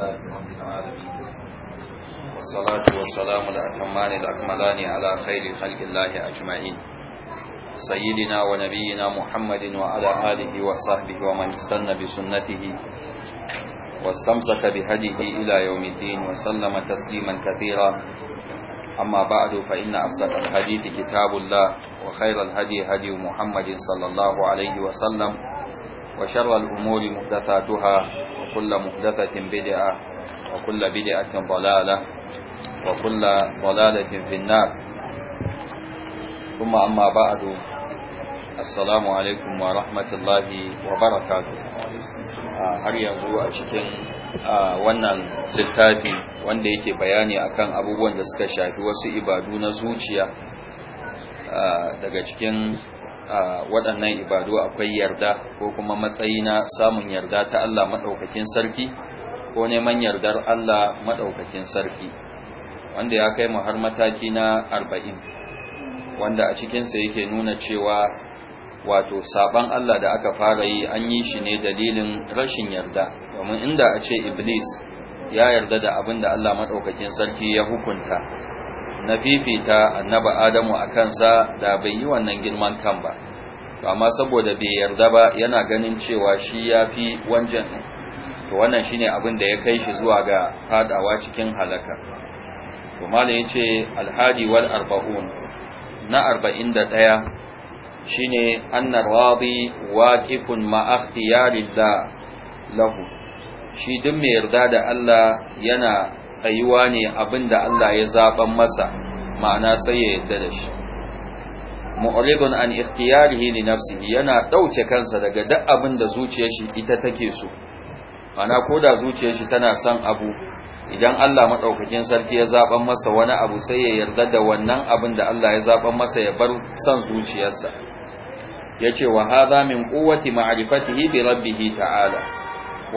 لله رب العالمين والصلاة والسلام الأتمان الأكملان على خير خلق الله أجمعين سيدنا ونبينا محمد وعلى آله وصحبه ومن استنى بسنته واستمسك بهديه إلى يوم الدين وسلم تسليما كثيرا أما بعد فإن أصدق الحديث كتاب الله وخير الهدي هدي محمد صلى الله عليه وسلم وشر الأمور محدثاتها kulla muhdathatin bid'a wa kulla bid'atin dalalah wa kulla dalalatin fi an-nar thumma amma ba'du assalamu alaikum wa rahmatullahi wa barakatuh har yanzu a cikin wannan littafi wanda yake bayani akan abubuwan da suka shafi wasu ibadu na zuciya daga cikin A waɗannan ibadu akwai yarda ko kuma matsayi na samun yarda ta Allah maɗaukakin sarki ko neman yardar Allah maɗaukakin sarki wanda ya kai mu har mataki na arba'in wanda a cikinsa yake nuna cewa wato saban Allah da aka fara yi an yi shi ne dalilin rashin yarda domin inda a ce iblis ya yarda da abin da Allah maɗaukakin sarki ya hukunta na fifita annaba adamu a kansa da bai yi wannan girman kan ba amma saboda bai yarda ba yana ganin cewa shi ya fi wancan to wannan shine abin da ya kai shi zuwa ga fadawa cikin halaka to malam ce alhadi wal arba'un na arba'in da 41 shine annar radi waqifun ma da lahu shi duk mai yarda da Allah yana tsayuwa ne abinda Allah ya zaɓan masa ma'ana sai ya yarda da shi mu'ribun an ikhtiyarihi li nafsihi yana ɗauke kansa daga duk abin da zuciyar shi ita take so ma'ana koda da zuciyar shi tana son abu idan Allah madaukakin sarki ya zaban masa wani abu sai ya yarda da wannan abin da Allah ya zaban masa ya bar son zuciyarsa yace wa hadha min quwwati ma'rifatihi bi rabbihi ta'ala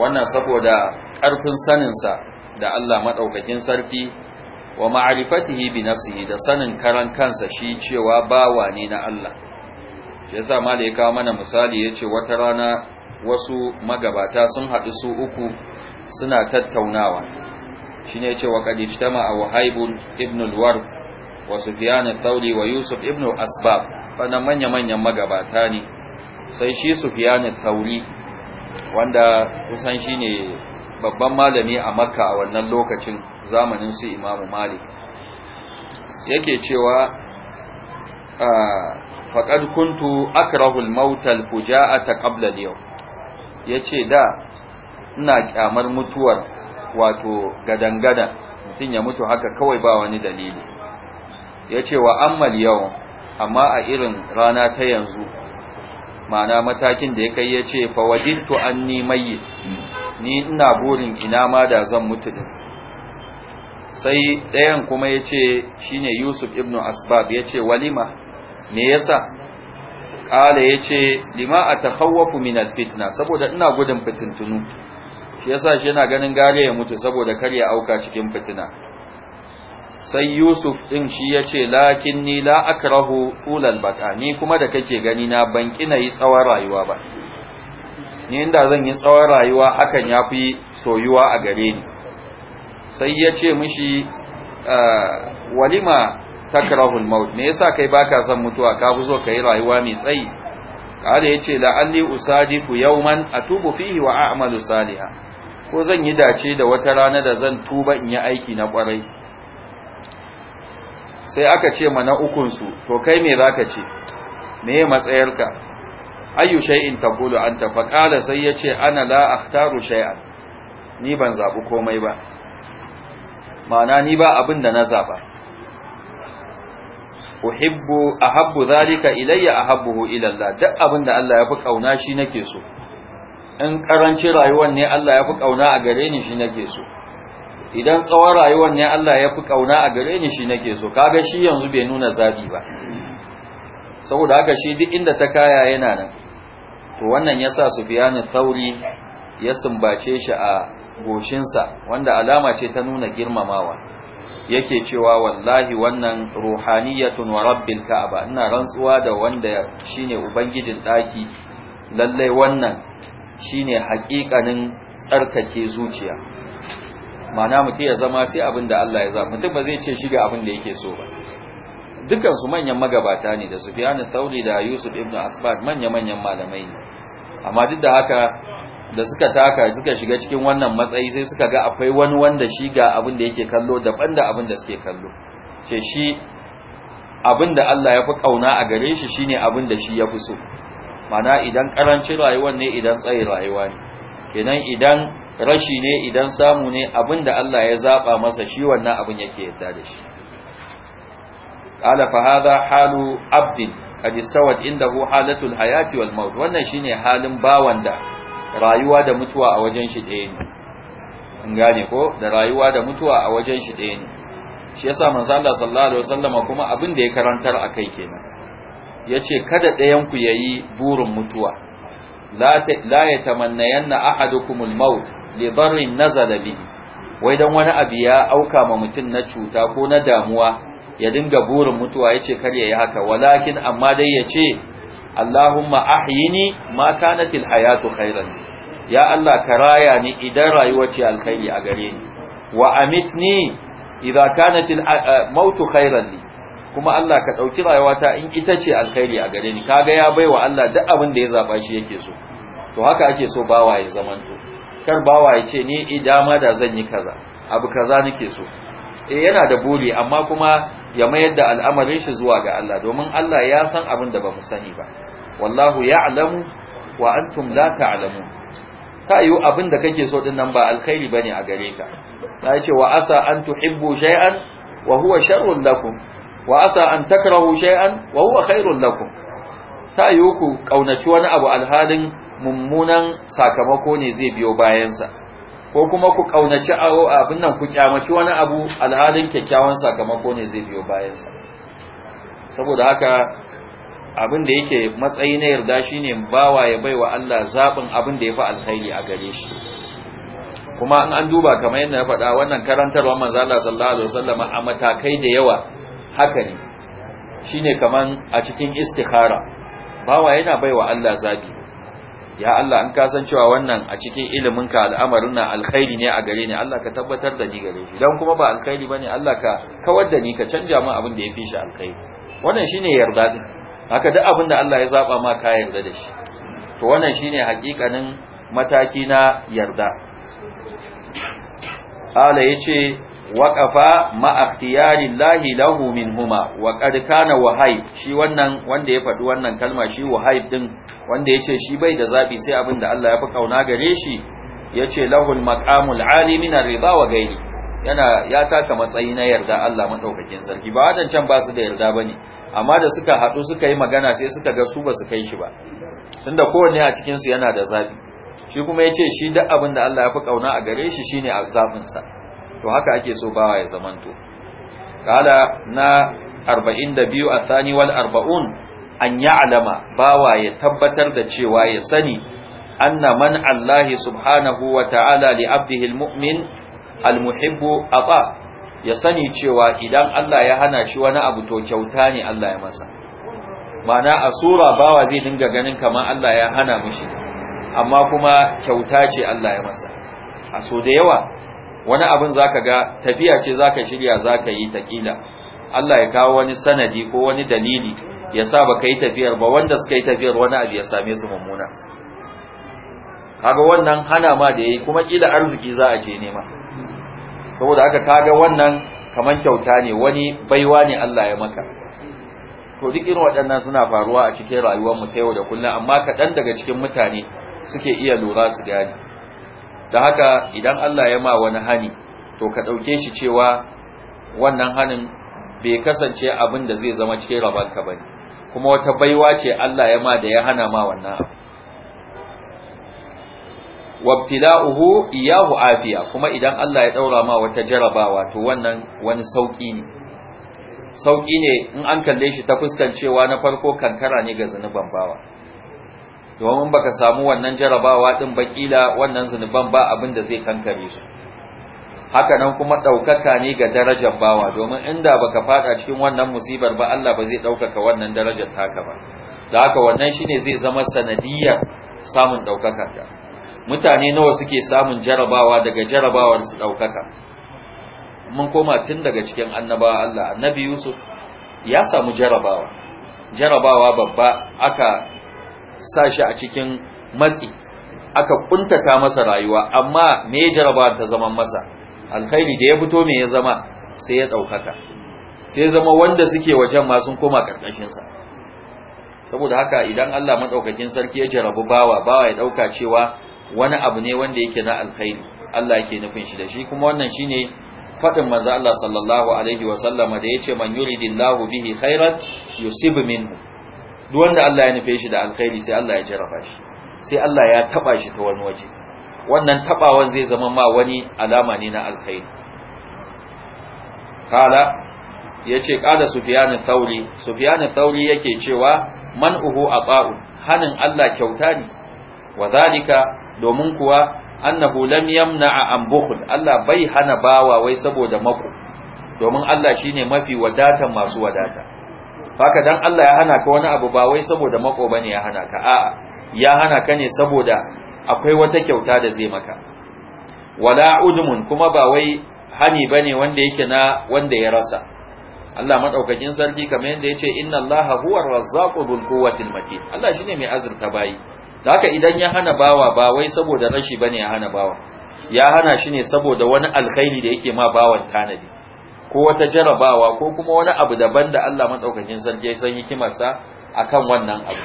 wannan saboda ƙarfin saninsa da Allah madaukakin sarki wa ma'rifatihi bi nafsihi da sanin karan kansa shi cewa bawa ne na Allah shi yasa malai kawo mana misali ya ce wata rana wasu magabata sun haɗu su uku suna tattaunawa Shi shine yace wa qad a awhaibun ibn al wa sufyan al wa yusuf ibn asbab fana manya manyan magabata ne sai shi sufyan al wanda kusan shine babban malami a makka a wannan lokacin zamanin su imamu malik yake cewa ah, faƙad kuntu akrahul mautal fuja'ata qabla al-yawm yace da ina kyamar mutuwar wato gadangada mutum ya mutu haka kawai ba wani dalili yace wa ammal yau? amma a irin rana ta yanzu ma'ana matakin da ya kai yace fa wajidtu anni mayyit ni ina burin ina ma da zan mutu din sai ɗayan kuma ya ce shi ne yusuf ibn asbab ya ce walima me yasa ƙala ya ce lima a tahawwafu minal fitina, saboda ina gudun fitintunu shi yasa shi yana ganin gare ya mutu saboda kar ya auka cikin fitina sai yusuf ɗin shi ya ce lakin ni la akrahu tulal baka ni kuma da kake gani na ban na yi tsawon rayuwa ba ni inda zan yi tsawon rayuwa hakan ya fi soyuwa a gare ni sai ya ce mishi ah, walima takrahul maut me yasa kai baka son mutuwa ka fi so kai rayuwa mai tsayi kada ce, la'alli usadiku yawman atubu fihi wa a'malu salihan ko zan yi dace da wata rana da zan tuba in yi aiki na kwarai sai aka ce mana ukun su to kai me zaka ce me matsayarka ayyu shay'in taqulu anta fa qala sai yace ana la akhtaru shay'an ni ban zabu komai ba ma'ana ni ba abin da na zaba uhibbu ahabbu zalika ilayya ahabbuhu ila Allah duk abin da Allah ya fi kauna shi nake so in karanci rayuwar ne Allah ya fi kauna a gare ni shi nake so idan tsawon rayuwar ne Allah ya fi kauna a gare ni shi nake so kaga shi yanzu bai nuna zabi ba saboda haka shi duk inda ta kaya yana nan to wannan ya sa sufiyanu tauri ya sumbace shi a goshinsa wanda alama ce ta nuna girmamawa yake cewa wallahi wannan ruhaniyatun wa rabbil ka'aba ina rantsuwa da wanda shine ubangijin daki lallai wannan shine hakikanin tsarkake zuciya mana mutum ya zama sai abin da Allah ya zaba mutum ba zai ce shiga abin da yake so ba dukansu manyan magabata ne da Sufyan Thauri da Yusuf ibn Asbad manya-manyan malamai ne amma duk da haka da suka taka suka shiga cikin wannan matsayi sai suka ga akwai wani wanda shi ga abin da yake kallo daban da abin da suke kallo ce shi abin da Allah ya fi kauna a gare shi shine abin da shi ya fi so mana idan karancin rayuwa ne idan tsayi rayuwa ne kenan idan rashi ne idan samu ne abin da Allah ya zaba masa shi wannan abin yake yarda da shi qala fa halu abdin qad istawat indahu halatul hayati wal wannan shine halin bawan da rayuwa da mutuwa a wajen shi ɗaya ne in gane ko da rayuwa da mutuwa a wajen shi ɗaya ne shi yasa manzo Allah sallallahu alaihi wasallama kuma abin da ya karantar akai kenan yace kada ɗayan ku yayi burin mutuwa la la yatamannayanna ahadukumul maut li darrin nazala bihi wai dan wani abu ya auka ma mutum na cuta ko na damuwa ya dinga burin mutuwa yace kar yi haka walakin amma dai yace Allahumma ahyini ma kanatil hayatu khairan ya Allah ka raya ni idan rayuwa ce alkhairi a gare ni wa amitni idza kanatil mautu khairan li kuma Allah ka dauki rayuwata in ita ce alkhairi a gare ni kaga ya baiwa Allah duk abin da ya zaba shi yake so to haka ake so bawa ya zamanto kar bawa ya ce ni idama da zan yi kaza abu kaza nake so eh yana da buri amma kuma ya mayar da al'amarin shi zuwa ga Allah domin Allah ya san abin da bamu sani ba wallahu ya'lamu wa antum la ta'lamu ta yiwu abin da kake so din ba alkhairi bane a gare ka ta ce wa asa an tuhibbu shay'an wa huwa sharrun lakum wa asa an takrahu shay'an wa huwa khairun lakum ta yiwu ku kaunaci wani abu alhalin mummunan sakamako ne zai biyo bayansa ko kuma ku kaunaci abin nan ku kyamaci wani abu alhalin kyakkyawan sakamako ne zai biyo bayansa saboda haka abin da yake matsayi na yarda shine bawa ya baiwa Allah zabin abin da ya fi alkhairi a gare shi kuma in an duba kamar yadda na faɗa wannan karantarwa manzo Allah sallallahu alaihi wasallam a matakai da yawa haka ne shine kaman a cikin istikhara bawa yana baiwa Allah zabi ya Allah in ka san cewa wannan a cikin ilimin ka al'amarin na alkhairi ne a gare ni Allah ka tabbatar da ni gare shi dan kuma ba alkhairi bane Allah ka kawar da ni ka canja min abin da ya shi alkhairi wannan shine yarda din haka duk abin da Allah ya zaba ma ka yarda da shi to wannan shine hakikanin mataki na yarda Allah yace waƙafa ma'aktiyari lahi lahu min huma wa ƙarƙana wahai shi wannan wanda ya faɗi wannan kalma shi wahai din wanda ya ce shi bai da zaɓi sai abinda da Allah ya fi ƙauna gare shi ya ce lahul maƙamul alimin riba wa gairi yana ya taka matsayi na yarda Allah maɗaukakin sarki ba wadancan ba su da yarda ba ne amma da suka haɗu suka yi magana sai suka ga su ba su kai shi ba tunda kowanne a cikinsu yana da zaɓi shi kuma ya ce shi duk abin da Allah ya fi ƙauna a gare shi shine a zaɓinsa to haka ake so bawa ya zamanto kala na 42 athani wal 40 an ya'lama bawa ya tabbatar da cewa ya sani anna man Allah subhanahu wa ta'ala li abdihi almu'min almuhibbu ata ya sani cewa idan Allah ya hana shi wani abu to kyauta ne Allah ya masa mana asura bawa zai dinga ganin kamar Allah ya hana mishi amma kuma kyauta ce Allah ya masa a so da yawa wani abin zaka ga tafiya ce zaka shirya zaka yi taƙila Allah ya kawo wani sanadi ko wani dalili ya sa ba ka yi tafiyar ba wanda suka yi tafiyar wani abu ya same su mummuna kaga wannan hana ma da yayi kuma kila arziki za a je nema saboda haka kaga wannan kaman kyauta ne wani baiwa ne Allah ya maka to duk irin waɗannan suna faruwa a cikin rayuwar mu ta yau da kullum amma kaɗan daga cikin mutane suke iya lura su gani. da haka idan Allah ya ma wani hani to ka ɗauke shi cewa wannan hanin bai kasance abin da zai zama cikin rabanka ba ne kuma wata baiwa ce Allah ya ma da ya hana ma wannan abu wabtila'uhu iyahu afiya kuma idan Allah ya ɗaura ma wata jarabawa to wannan wani sauƙi ne sauki ne in an kalle shi ta fuskancewa na farko kankara ne ga zanuban bawa domin baka samu wannan jarabawa din bakila wannan zunuban ba abin da zai kankare su haka nan kuma ɗaukaka ne ga darajar bawa domin inda baka fada cikin wannan musibar ba Allah ba zai ɗaukaka wannan darajar taka ba da haka wannan shine zai zama sanadiyar samun daukakar ka mutane nawa suke samun jarabawa daga jarabawar su ɗaukaka mun koma tun daga cikin annabawa Allah annabi Yusuf ya samu jarabawa jarabawa babba aka sa shi a cikin matsi aka kuntata masa rayuwa amma me ya jaraba ta zaman masa alkhairi da ya fito me ya zama sai ya ɗaukaka sai zama wanda suke wajen ma sun koma ƙarƙashinsa saboda haka idan Allah maɗaukakin sarki ya jarabu bawa bawa ya ɗauka cewa wani abu ne wanda yake na alkhairi Allah yake nufin shi da shi kuma wannan shine faɗin manzo Allah sallallahu alaihi wa sallama da yace man yuridillahu bihi khairan yusib minhu duk wanda Allah ya nufe shi da alkhairi sai Allah ya jarraba shi sai Allah ya taba shi ta wani waje wannan tabawan zai zama ma wani alama ne na alkhairi kala yace kala sufyan al-thawri sufyan al-thawri yake cewa man uhu aqa'u hanin Allah kyauta ne wadhalika domin kuwa annahu lam yamna'a an bukhl Allah bai hana bawa wai saboda mako domin Allah shine mafi wadatan masu wadata haka dan Allah ya hana ka wani abu ba wai saboda mako bane ya hana ka a'a ya hana ka ne saboda akwai wata kyauta da zai maka wala udmun kuma ba wai hani bane wanda yake na wanda ya rasa Allah madaukakin sarki kamar yadda yace inna Allaha huwar razzaqu bil quwwatil matin Allah shine mai azurta bayi haka idan ya hana bawa ba wai saboda rashi bane ya hana bawa ya hana shi ne saboda wani alkhairi da yake ma bawan tanadi ko wata jarabawa ko kuma wani abu daban da Allah maɗaukakin sarki ya san hikimarsa akan wannan abu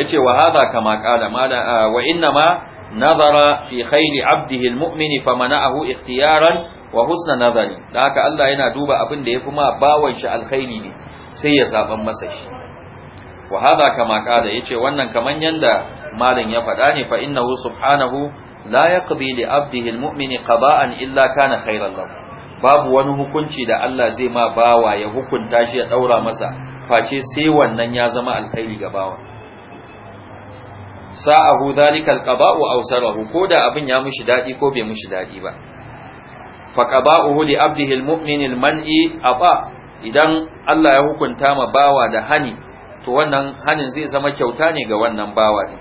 yace wa hadha kama qala wa inna ma nazara fi khayli abdihi almu'mini famana'ahu ikhtiyaran wa husna nazari da haka Allah yana duba abin da fi ma bawan shi alkhairi ne sai ya zaban masa shi wa hadha kama qala yace wannan kaman yanda malin ya faɗa ne fa innahu subhanahu la yaqdi li abdihi almu'mini qada'an illa kana khayran lahu babu wani hukunci da Allah zai ma bawa ya hukunta shi ya daura masa face sai wannan ya zama alkhairi ga bawa sa'ahu dhalikal qaba'u aw sarahu ko abin ya mushi dadi ko bai mushi dadi ba fa qaba'uhu li abdihi almu'min alman'i aba idan Allah ya hukunta ma bawa da hani to wannan hanin zai zama kyauta ne ga wannan bawa din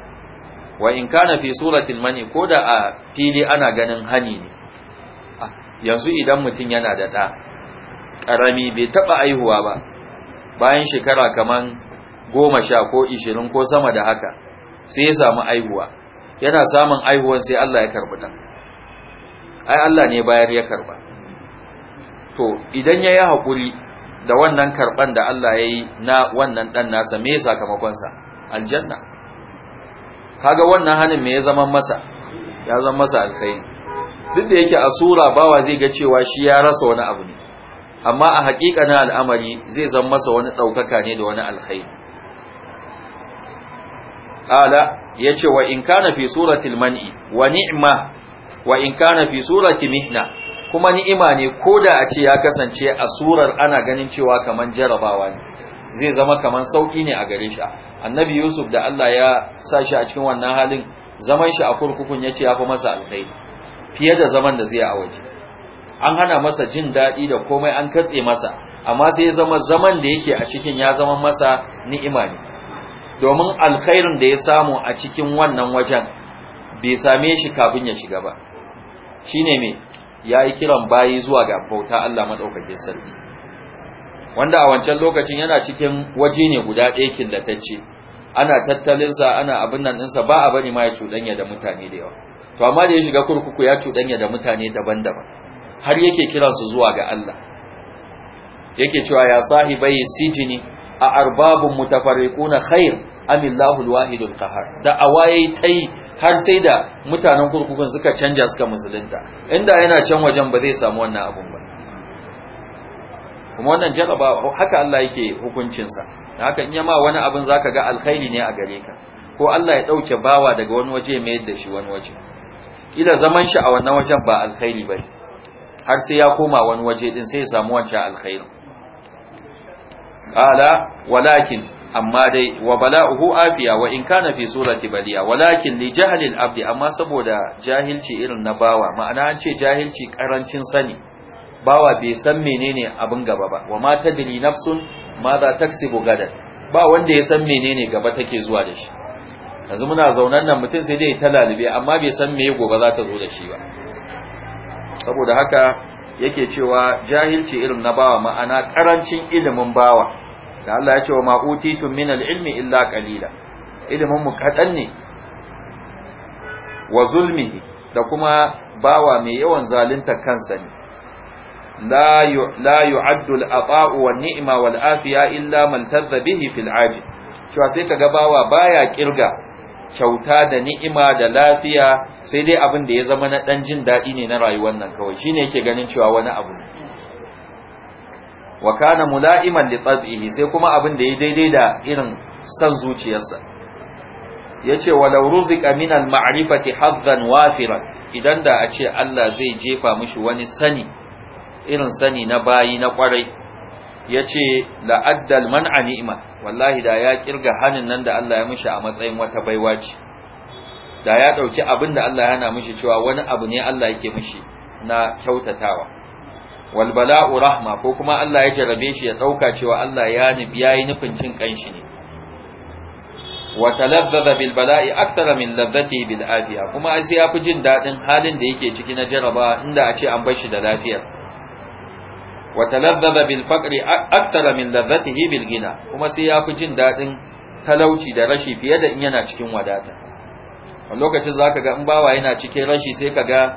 wa in kana fi suratil mani ko a fili ana ganin hani ne yanzu idan mutum yana da ɗa ƙarami bai taɓa aihuwa ba bayan shekara kamar goma sha ko ishirin ko sama da haka sai ya samu aihuwa yana samun aihuwan sai Allah ya karɓi ɗan ai Allah ne bayar ya karɓa to idan ya yi haƙuri da wannan karɓan da Allah ya yi na wannan ɗan nasa me sakamakonsa aljanna kaga wannan hannun me ya zama masa ya zama masa alkhairi duk da yake a sura bawa zai ga cewa shi ya rasa wani abu ne amma a haƙiƙa na al'amari zai zan masa wani ɗaukaka ne da wani alkhairi ala ya ce wa in kana fi suratul man'i wa ni'ma wa in kana fi surati mihna kuma ni'ima ne ko da a ce ya kasance a surar ana ganin cewa kaman jarabawa ne zai zama kaman sauƙi ne a gare shi annabi yusuf da allah ya sa shi a cikin wannan halin zaman shi a kurkukun ya ce ya fi masa alkhairi fiye da zaman da zai a waje an hana masa jin daɗi da komai an katse masa amma sai ya zama zaman da yake a cikin ya zama masa ni'ima ne domin alkhairin da ya samu a cikin wannan wajen bai same shi kafin ya shiga ba shine me ya yi kiran bayi zuwa ga bauta Allah maɗaukakin sarki wanda a wancan lokacin yana cikin waje ne guda ɗaya killatacce ana tattalinsa ana abin nan ɗinsa ba a bari ma ya cuɗanya da mutane da yawa to amma da ya shiga kurkuku ya cuɗanya da mutane daban-daban har yake kiransu zuwa ga Allah yake cewa ya sahibai sijini a arbabun mutafarriquna khair amillahu alwahidul qahar da awayi tai har sai da mutanen kurkukun suka canja suka musulunta inda yana can wajen ba zai samu wannan abun ba kuma wannan jaraba haka Allah yake hukuncinsa haka in yama wani abin zaka ga alkhairi ne a gare ka ko Allah ya dauke bawa daga wani waje mai da shi wani waje kila zaman shi a wannan wajen ba alkhairi bane har sai ya koma wani waje din sai ya samu wancan alkhairi qala walakin amma dai wa bala'uhu afiya wa in kana fi surati baliya walakin li jahlil abdi amma saboda jahilci irin na bawa ma'ana an ce jahilci karancin sani bawa bai san menene abin gaba ba wa ma tadri nafsun ma za taksibu gadan ba wanda ya san menene gaba take zuwa da shi yanzu muna zaunan nan mutum sai dai ta lalube amma bai san me gobe za ta zo da shi ba saboda haka yake cewa jahilci irin na bawa ma'ana karancin ilimin bawa da Allah ya ce wa ma'utitun min al-ilmi illa qalila ilimin mu kadan ne wa zulmi. da kuma bawa mai yawan zalunta kansa ne la la yu'addu al-ata'u ni'ma wal afiya illa man tadha bihi fil ajil cewa sai kaga bawa baya kirga kyauta da ni'ima da lafiya sai dai abin da ya zama na ɗan jin daɗi ne na rayuwar nan kawai shi ne yake ganin cewa wani abu ne wa kana mula'iman li tabihi sai kuma abin da ya daidai da irin san zuciyarsa yace walau ruziqa min al ma'rifati hazzan wafiran idan da a ce Allah zai jefa mishi wani sani irin sani na bayi na kwarai yace la'addal man'a ni'ma wallahi da ya kirga hannun nan da Allah ya mishi a matsayin wata baiwa ce da ya dauki abin da Allah yana mishi cewa wani abu ne Allah yake mishi na kyautatawa wal bala'u rahma ko kuma Allah ya jarabe shi ya dauka cewa Allah ya nufi nufin cin kanshi ne wa talabbaba bil bala'i akthara min labbati bil afiya kuma sai ya fi jin dadin halin da yake ciki na jaraba inda a ce an bar shi da lafiya وتلذذ بالفقر bil من لذته min ladzatihi kuma sai ya fi jin dadin talauci da rashi fiye da in yana cikin wadata a lokacin zaka ga in bawa yana cikin rashi sai ka ga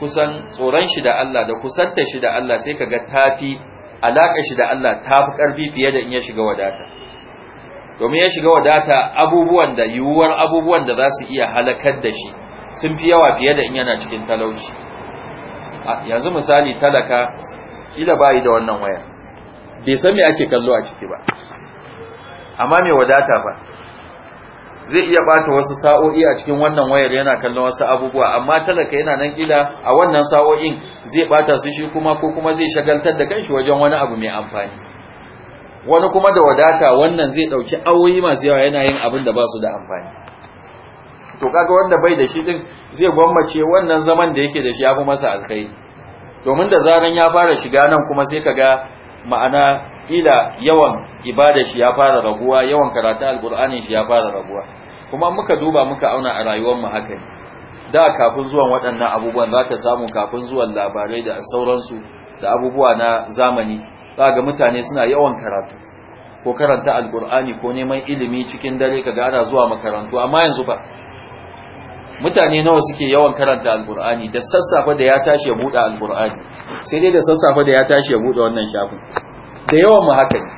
kusan tsoron shi da Allah da kusanta shi da Allah sai ka ga tafi alaka shi da Allah fi karfi fiye da in ya shiga wadata domin ya shiga wadata abubuwan da yiwuwar abubuwan da za su iya halakar da shi sun fi yawa fiye da in yana cikin talauci yanzu misali talaka kila bayi da wannan waya bai san me ake kallo a ciki ba amma me wadata ba zai iya bata wasu sa'o'i a cikin wannan wayar yana kallon wasu abubuwa amma talaka yana nan kila a wannan sa'o'in zai bata su shi kuma ko kuma zai shagaltar da kanshi wajen wani abu mai amfani wani kuma da wadata wannan zai dauki awoyi masu yawa yana yin abin da ba su da amfani to kaga wanda bai da shi din zai gwammace wannan zaman da yake da shi ya fi masa alkhairi domin da zaran ya fara shiga nan kuma sai kaga ma'ana kila yawan ibada shi ya fara raguwa yawan karatu alqur'anin shi ya fara raguwa kuma muka duba muka auna a rayuwar mu haka da kafin zuwan waɗannan abubuwan zaka samu kafin zuwan labarai da sauransu da abubuwa na zamani za ga mutane suna yawan karatu ko karanta alqur'ani ko neman ilimi cikin dare kaga ana zuwa makarantu amma yanzu ba mutane nawa suke yawan karanta alkur'ani da sassafe da ya tashi ya buɗe alkur'ani sai dai da sassafe da ya tashi ya buɗe wannan shafin da yawan mu haka ne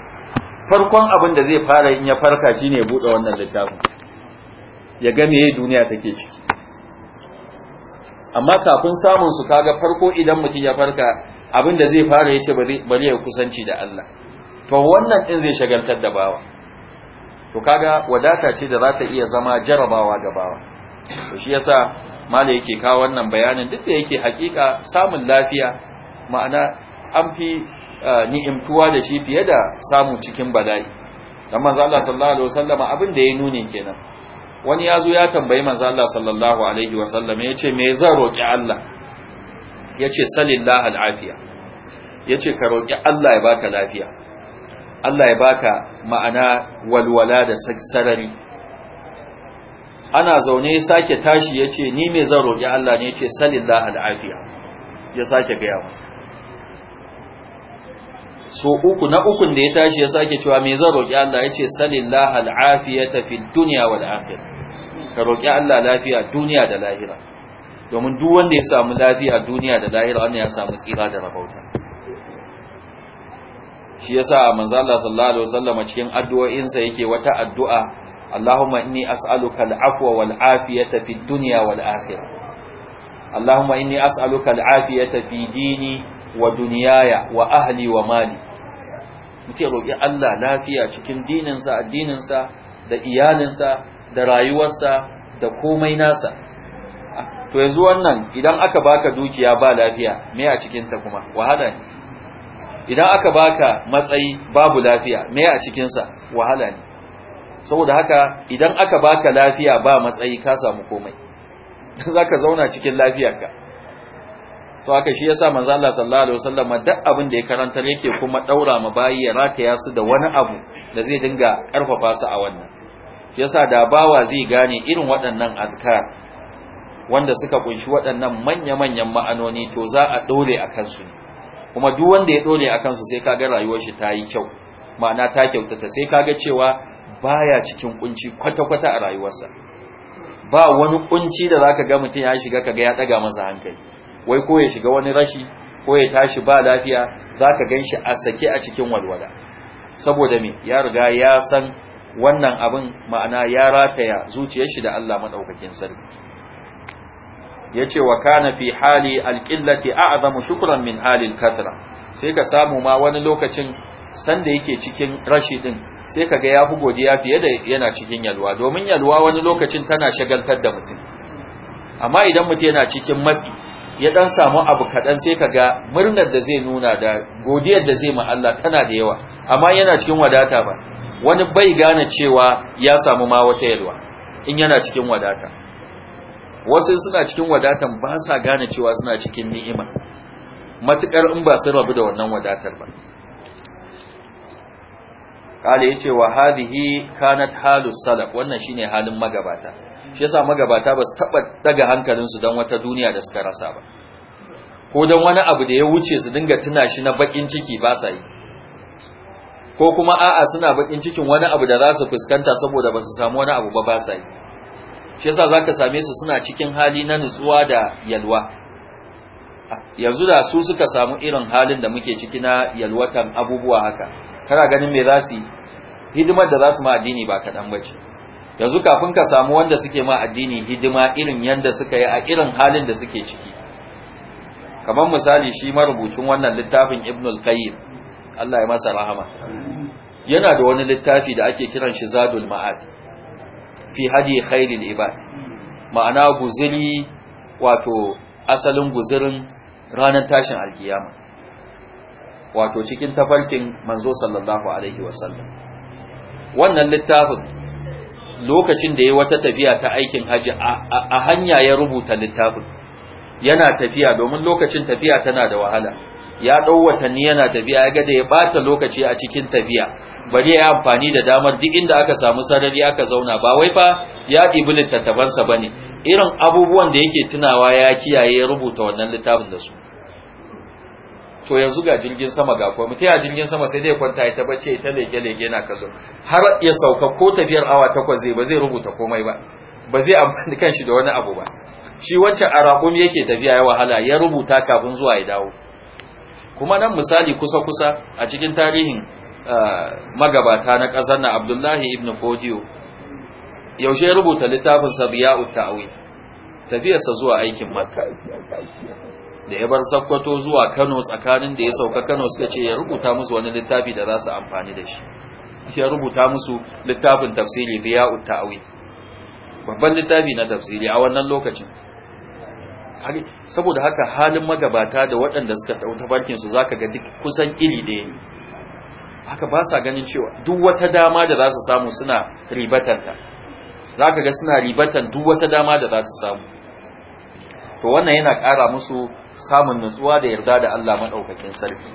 farkon abin da zai fara in ya farka shine ya buɗe wannan littafin ya ga meye duniya take ciki amma kafin samun su kaga farko idan mutum ya farka abin da zai fara yace bari ya kusanci da Allah to wannan din zai shagaltar da bawa to kaga wadata ce da za ta iya zama jarabawa ga bawa to shi yasa malai yake kawo wannan bayanin duk da yake hakika samun lafiya ma'ana an fi eh, ni'imtuwa da shi fiye da samu cikin bala'i dan manzo Allah sallallahu alaihi wasallam abin da ya nune kenan wani ya zo ya tambayi manzo Allah sallallahu alaihi wasallam yace me zan roki Allah yace salillahu alafiya yace ka roki Allah ya baka lafiya Allah ya baka ma'ana walwala da sarari ana zaune ya sake tashi ya ce ni mai zan roƙi Allah ne ya ce salillah al'afiya ya sake gaya masa so uku na ukun da ya tashi ya sake cewa mai zan roƙi Allah ya ce salillah al'afiya ta fi duniya wa akhir ka roƙi Allah lafiya duniya da lahira domin duk wanda ya samu lafiya duniya da lahira wannan ya samu tsira da rabauta shi yasa manzo Allah sallallahu alaihi wasallam cikin addu'o'insa yake wata addu'a Allahumma inni as'aluka al-afwa wal afiyata fid dunya wal akhirah Allahumma inni as'aluka al-afiyata fi dini wa dunyaya wa ahli wa mali mutum ya roƙi Allah lafiya cikin dininsa addininsa da iyalinsa da rayuwarsa da komai nasa to yanzu wannan idan aka baka dukiya ba lafiya me a cikinta kuma wahala ne idan aka baka matsayi babu lafiya me a cikinsa wahala ne saboda haka idan aka baka lafiya ba matsayi ka samu komai za ka zauna cikin lafiyarka so haka shi yasa manzo Allah sallallahu alaihi wasallam duk abin da ya karantar yake kuma daura ma bayi ya rataya su da wani abu da zai dinga karfafa su a wannan yasa da bawa zai gane irin waɗannan azkar wanda suka kunshi waɗannan manya-manyan ma'anoni to za a dole a kansu kuma duk wanda ya ɗore a kansu sai kaga rayuwar shi ta yi kyau ma'ana ta kyautata sai ka ga cewa baya cikin kunci kwata-kwata a rayuwarsa ba wani kunci da zaka ga mutum ya shiga kaga ya daga masa hankali wai ko ya shiga wani rashi ko ya tashi ba lafiya zaka ganshi a sake a cikin walwala saboda me ya riga ya san wannan abin ma'ana ya rataya zuciyar shi da Allah madaukakin sarki yace wa kana fi hali alqillati a'zamu shukran min hali kathra sai ka samu ma wani lokacin sanda yake cikin rashi din sai kaga ya fi godiya fiye da yana cikin yalwa domin yalwa wani lokacin tana shagaltar da mutum amma idan mutum yana cikin matsi ya dan samu abu kaɗan sai kaga murnar da zai nuna da godiyar da zai ma Allah tana da yawa amma yana cikin wadata ba wani bai gane cewa ya samu ma wata yalwa in yana cikin wadata wasu suna cikin wadatan ba sa gane cewa suna cikin ni'ima matukar in ba su rabu da wannan wadatar ba kale yace wa hadihi kanat halus salaf wannan shine halin magabata shi yasa magabata ba su taba daga hankalinsu su dan wata duniya da suka rasa ba ko dan wani abu da ya wuce su dinga tuna shi na bakin ciki ba sa yi ko kuma a'a suna bakin cikin wani abu da za su fuskanta saboda ba su samu wani abu ba ba sa yi shi yasa zaka same su suna cikin hali na nutsuwa da yalwa yanzu da su suka samu irin halin da muke ciki na yalwatan abubuwa haka kana ganin me za su hidimar da za su ma addini ba kaɗan ba ce yanzu kafin ka samu wanda suke ma addini hidima irin yadda suka yi a irin halin da suke ciki kamar misali shi marubucin wannan littafin Ibn al qayyim Allah ya masa rahama yana da wani littafi da ake kiran shi zadul ma'ad fi hadi khairil ibad ma'ana guziri wato asalin guzirin ranar tashin alkiyama wato cikin tafarkin manzo sallallahu alaihi wasallam wannan littafin lokacin da ya wata tafiya ta aikin haji a hanya ya rubuta littafin yana tafiya domin lokacin tafiya tana da wahala ya ɗau watanni yana tafiya ya ga da ya bata lokaci a cikin tafiya bari ya amfani da damar duk inda aka samu sarari aka zauna ba wai fa ya ɗibi littattafansa ba ne irin abubuwan da yake tunawa ya kiyaye ya rubuta wannan littafin da su to yanzu ga jirgin sama ga kuma mutai a jirgin sama sai dai kwanta ya tabbace ta leke leke na kazo. har ya sauka ko tafiyar awa takwas zai ba zai rubuta komai ba ba zai amfani kanshi da wani abu ba shi wacce wancan arakum yake tafiya ya wahala ya rubuta kafin zuwa ya dawo kuma nan misali kusa kusa a cikin tarihin ah, magabata na ƙasar na Abdullahi ibn Fodiyo yaushe ya rubuta littafin sa ta'awi tafiyarsa zuwa aikin Makka da ya bar Sakkwato zuwa Kano tsakanin da ya sauka Kano suka ce ya rubuta musu wani littafi da za su amfani da shi ya rubuta musu littafin tafsiri biya Ta'wil babban littafi na tafsiri a wannan lokacin saboda haka halin magabata da waɗanda suka tauta bankin su zaka ga duk kusan iri ɗaya ne haka ba sa ganin cewa duk wata dama da za su samu suna ribatanta zaka ga suna ribatan duk wata dama da za su samu to wannan yana ƙara musu samun nutsuwa da yarda da Allah maɗaukakin sarki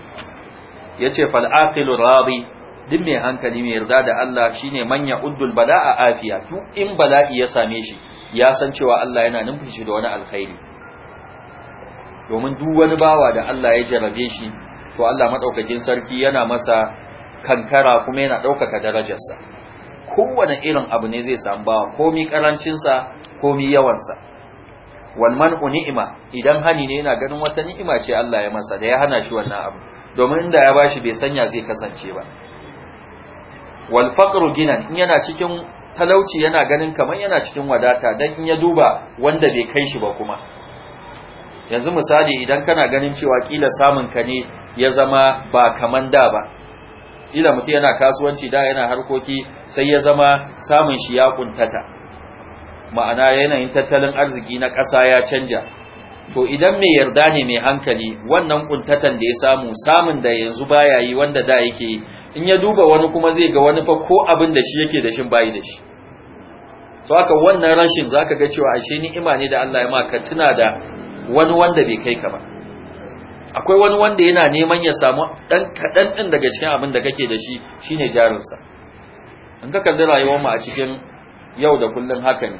ya ce fal'aƙilu rabi duk mai hankali mai yarda da Allah shine manya uddul a afiya duk in bala'i ya same shi ya san cewa Allah yana nufin shi da wani alkhairi domin duk wani bawa da Allah ya jarabe shi to Allah maɗaukakin sarki yana masa kankara kuma yana ɗaukaka darajarsa kowane irin abu ne zai samu bawa komi ƙarancinsa komi yawansa wal man'u ni'ima idan hani ne yana ganin wata ni'ima ce Allah ya masa da ya hana shi wannan abu domin inda ya bashi bai sanya zai kasance ba wal faqru ginan in yana cikin talauci yana ganin kaman yana cikin wadata dan in ya duba wanda bai kai shi ba kuma yanzu misali idan kana ganin cewa kila samun ka ne ya zama ba kaman da ba kila mutum yana kasuwanci da yana harkoki sai ya zama samun shi ya kuntata ma'ana yanayin tattalin arziki na ƙasa ya canja to idan mai yarda ne mai hankali wannan ƙuntatan da ya samu samun da yanzu baya yi wanda da yake yi in ya duba wani kuma zai ga wani fa ko abin da shi yake da shi bayi da shi to haka wannan rashin zaka ga cewa ashe ni'ima ne da Allah ya maka tuna da wani wanda bai kai ka ba akwai wani wanda yana neman ya samu dan kadan din daga cikin abin da kake da shi shine jarinsa in ka kalli rayuwar mu a cikin yau da kullun haka ne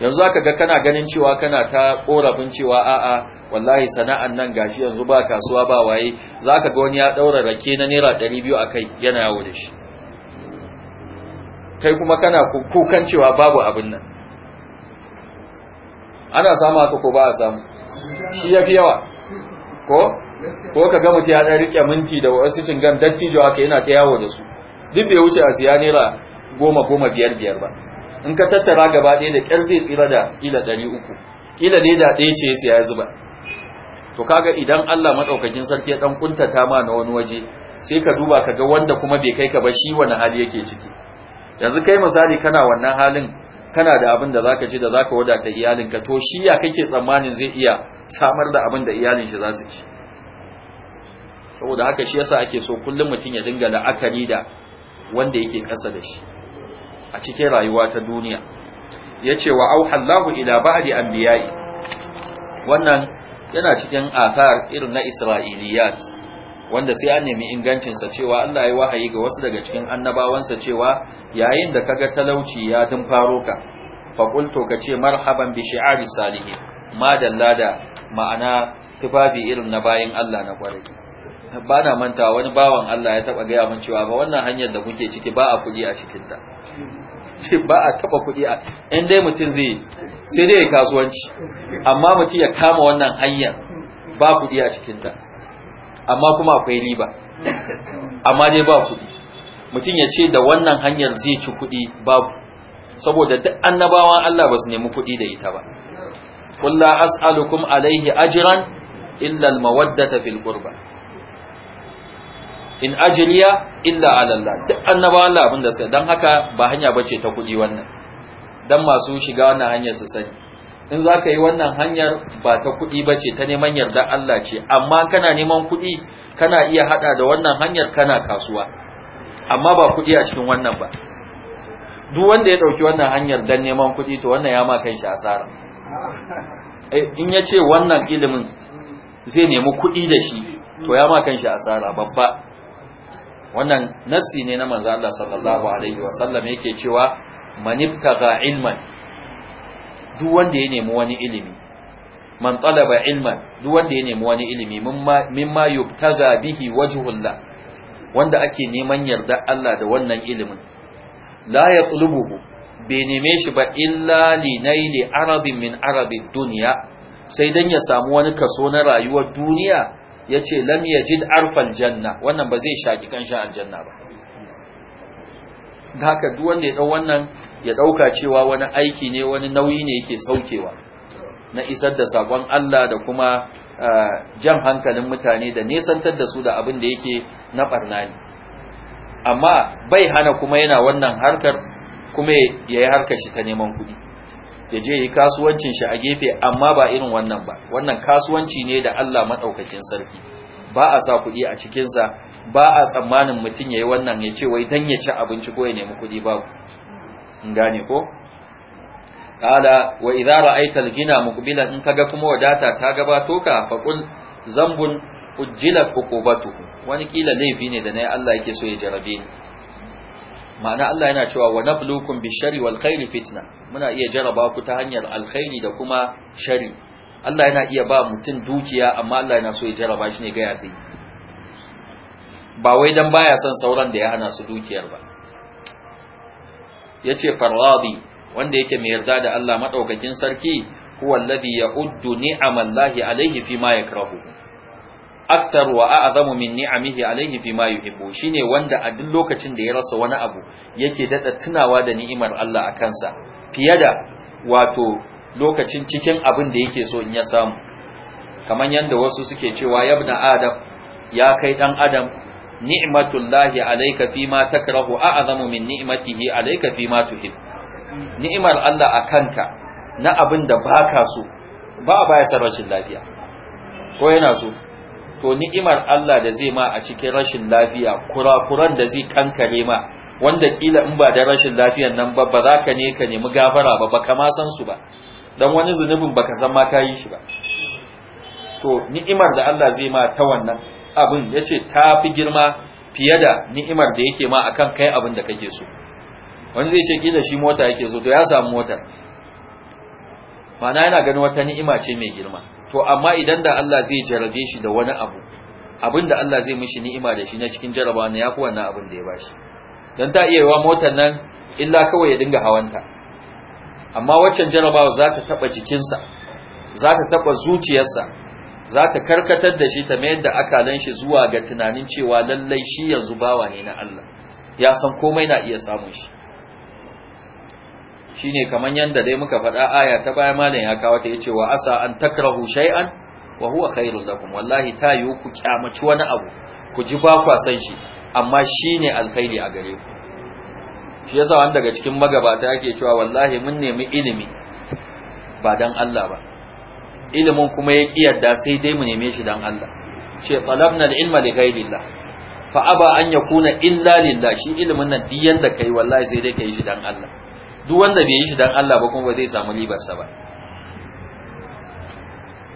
yanzu aka ga kana ganin cewa kana ta korafin cewa a'a wallahi sana'an nan gashi yanzu ba kasuwa ba waye zaka ga wani ya daura rake na naira 200 akai yana yawo da shi kai kuma kana kukan cewa babu abin nan ana samu haka ko ba a samu shi yafi yawa ko ko ka ga mutum ya dan rike minti da wasu cingan dattijo aka yana ta yawo da su duk bai wuce a siya naira goma goma biyar biyar ba in ka tattara gaba ɗaya da ƙyar zai tsira da kila ɗari uku kila da ɗaya ce sai ya zuba to kaga idan Allah maɗaukakin sarki ya dan ma na wani waje sai ka duba ka ga wanda kuma bai kai ka ba shi wani hali yake ciki yanzu kai misali kana wannan halin kana da abin da zaka ci da zaka wadata iyalinka to shi ya kake tsammanin zai iya samar da abin da iyalin shi za su ci saboda haka shi yasa ake so kullum mutum ya dinga la'akari da wanda yake kasa da shi a cikin rayuwa ta duniya yace wa auhallahu ila ba'di anbiya'i wannan yana cikin athar irin na isra'iliyat wanda sai an nemi ingancinsa cewa Allah ya wahayi ga wasu daga cikin annabawansa cewa yayin da kaga talauci ya dun faro ka faƙulto ka ce marhaban bi shi'ari salihi ma dallada ma'ana tufafi irin na bayin Allah na kwarai ba na manta wani bawan Allah ya taɓa gaya min cewa ba wannan hanyar da kuke ciki ba a kuɗi a cikinta ce ba a taba kuɗi a in dai mutum zai sai dai ya kasuwanci amma mutum ya kama wannan hanyar ba kuɗi a cikinta amma kuma akwai riba amma dai ba kuɗi mutum ya ce da wannan hanyar zai ci kuɗi babu saboda duk annabawan Allah ba su nemi kuɗi da ita ba kullu as'alukum alaihi ajran illa al-mawaddata fil qurba in ajiliya illa alallah duk annaba Allah abinda sai dan haka ba hanya bace ta kudi wannan dan masu shiga wannan hanyar su sani in za ka yi wannan hanyar ba ta kudi bace ta neman yarda Allah ce amma kana neman kudi kana iya hada da wannan hanyar kana kasuwa amma ba kudi a cikin wannan ba duk wanda ya dauki wannan hanyar dan neman kudi to wannan ya ma kai shi asara eh, in ya ce wannan ilimin zai nemi kuɗi da shi to ya ma kan shi asara babba wannan Nasi ne na manzo Allah sallallahu alaihi wa sallam yake cewa man ibtaga ilman duk wanda ya nemi wani ilimi man talaba ilman duk wanda ya nemi wani ilimi mimma yubtaga bihi wajhullah wanda ake neman yarda Allah da wannan ilimin la yatlubuhu bai neme shi ba illa li naili aradin min arabi duniya? sai dan ya samu wani kaso na rayuwar duniya ya ce lam jid arfal janna wannan ba zai shaki kanshin aljanna ba da haka duk wanda ya dau wannan ya ɗauka cewa wani aiki ne wani nauyi ne yake saukewa na isar da sakon Allah da kuma jan hankalin mutane da nesantar da su da abin da yake na barna ne amma bai hana kuma yana wannan harkar kuma ya yi harkar shi ta neman kuɗi ya je yi kasuwancin shi a gefe amma ba irin wannan ba wannan kasuwanci ne da Allah madaukakin sarki ba a sa kuɗi a cikinsa ba a tsammanin mutum ya yi wannan ya ce wai dan ya ci abinci ko ya nemi kuɗi ku. in gane ko qala wa idza ra'aita al-ghina muqbilan in kaga kuma wadata ta gabato ka fa qul zambun ujjilat uqubatuhu wani kila laifi ne da nayi Allah yake so ya jarabe ni ma'ana Allah yana cewa wa nablukum bishari wal khairi fitna muna iya jaraba ku ta hanyar alkhairi da kuma shari Allah yana iya ba mutum dukiya amma Allah yana so ya jaraba shi ne ga yasi ba wai dan baya son sauran da ya hana su dukiyar ba yace farradi, wanda yake mai yarda da Allah madaukakin sarki huwa alladhi ya'uddu ni'amallahi alaihi fi ma yakrahu aktar wa a'zamu min ni'amihi alayhi fi ma yuhibbu shine wanda a duk lokacin da ya rasa wani abu yake dada tunawa da ni'imar Allah a kansa fiye da wato lokacin cikin abin da yake so in ya samu kamar yanda wasu suke cewa yabna adam ya kai dan adam ni'matullahi alayka fi ma takrahu a'zamu min ni'matihi alayka fi ma tuhib ni'imar Allah a kanka na abin da baka so ba baya san rashin lafiya ko yana so to ni'imar Allah da zai ma a cikin rashin lafiya kurakuran da zai kankare ma wanda kila in ba da rashin lafiyan nan ba ba za ka ne ka nemi gafara ba ba kama san su ba dan wani zunubin baka san ma ka yi shi ba to ni'imar da Allah zai ma ta wannan abin yace ta fi girma fiye da ni'imar da yake ma akan kai abin da kake so wani zai ce kila shi mota yake so to ya samu motar mana yana ganin wata ni'ima ce mai girma to amma idan da Allah zai jarabe shi da wani abu abin da Allah zai mishi ni'ima da shi na cikin jarabawa ne yafi wannan abin da ya bashi dan ta iya yawa motar nan illa kawai ya dinga hawanta amma waccan jarabawa za ta taba jikinsa za ta taba zuciyarsa za ta karkatar da shi ta mayar da akalan shi zuwa ga tunanin cewa lallai shi yanzu bawa ne na Allah ya san komai na iya samun shi shine kaman yanda dai muka faɗa aya ta baya malam ya kawo ta yace wa asa an takrahu shay'an wa huwa khairu lakum wallahi ta yiwu ku kyamaci wani abu ku ji ba ku san shi amma shine alkhairi a gare ku shi yasa wanda daga cikin magabata yake cewa wallahi mun nemi ilimi ba dan Allah ba ilimin kuma ya kiyarda sai dai mu neme shi dan Allah ce talabna al-ilma li ghayrillah fa aba an yakuna illa lillah shi ilimin nan diyan da kai wallahi sai dai kai shi dan Allah duk wanda bai yi shi dan Allah ba kuma ba zai samu ribarsa ba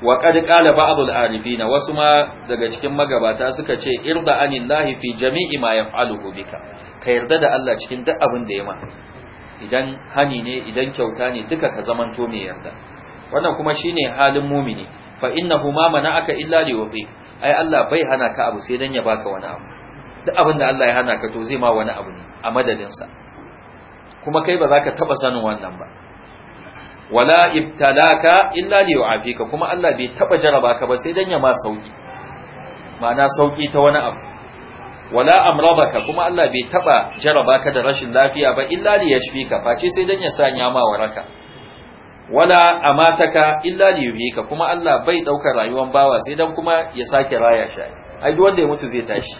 wa qad qala ba'd al wasu ma daga cikin magabata suka ce irda anillahi fi jami'i ma yaf'aluhu bika ka yarda da Allah cikin duk abin da ya ma idan hani ne idan kyauta ne duka ka zamanto mai yarda wannan kuma shine halin mumini fa innahu ma mana'aka illa wafi ai Allah bai hana ka abu sai dan ya baka wani abu duk abin da Allah ya hana ka to zai ma wani abu ne a madadin sa kuma kai ba za ka taɓa sanin wannan ba wala ibtalaka illa li yu'afika kuma Allah bai taɓa jaraba ka ba sai dan ya ma sauki ma'ana sauki ta wani abu wala amrabaka kuma Allah bai taɓa jaraba ka da rashin lafiya ba illa li yashfika face sai dan ya sanya ma waraka wala amataka illa li yuhyika kuma Allah bai daukar rayuwar bawa sai dan kuma ya sake raya shi ai duk wanda ya mutu zai tashi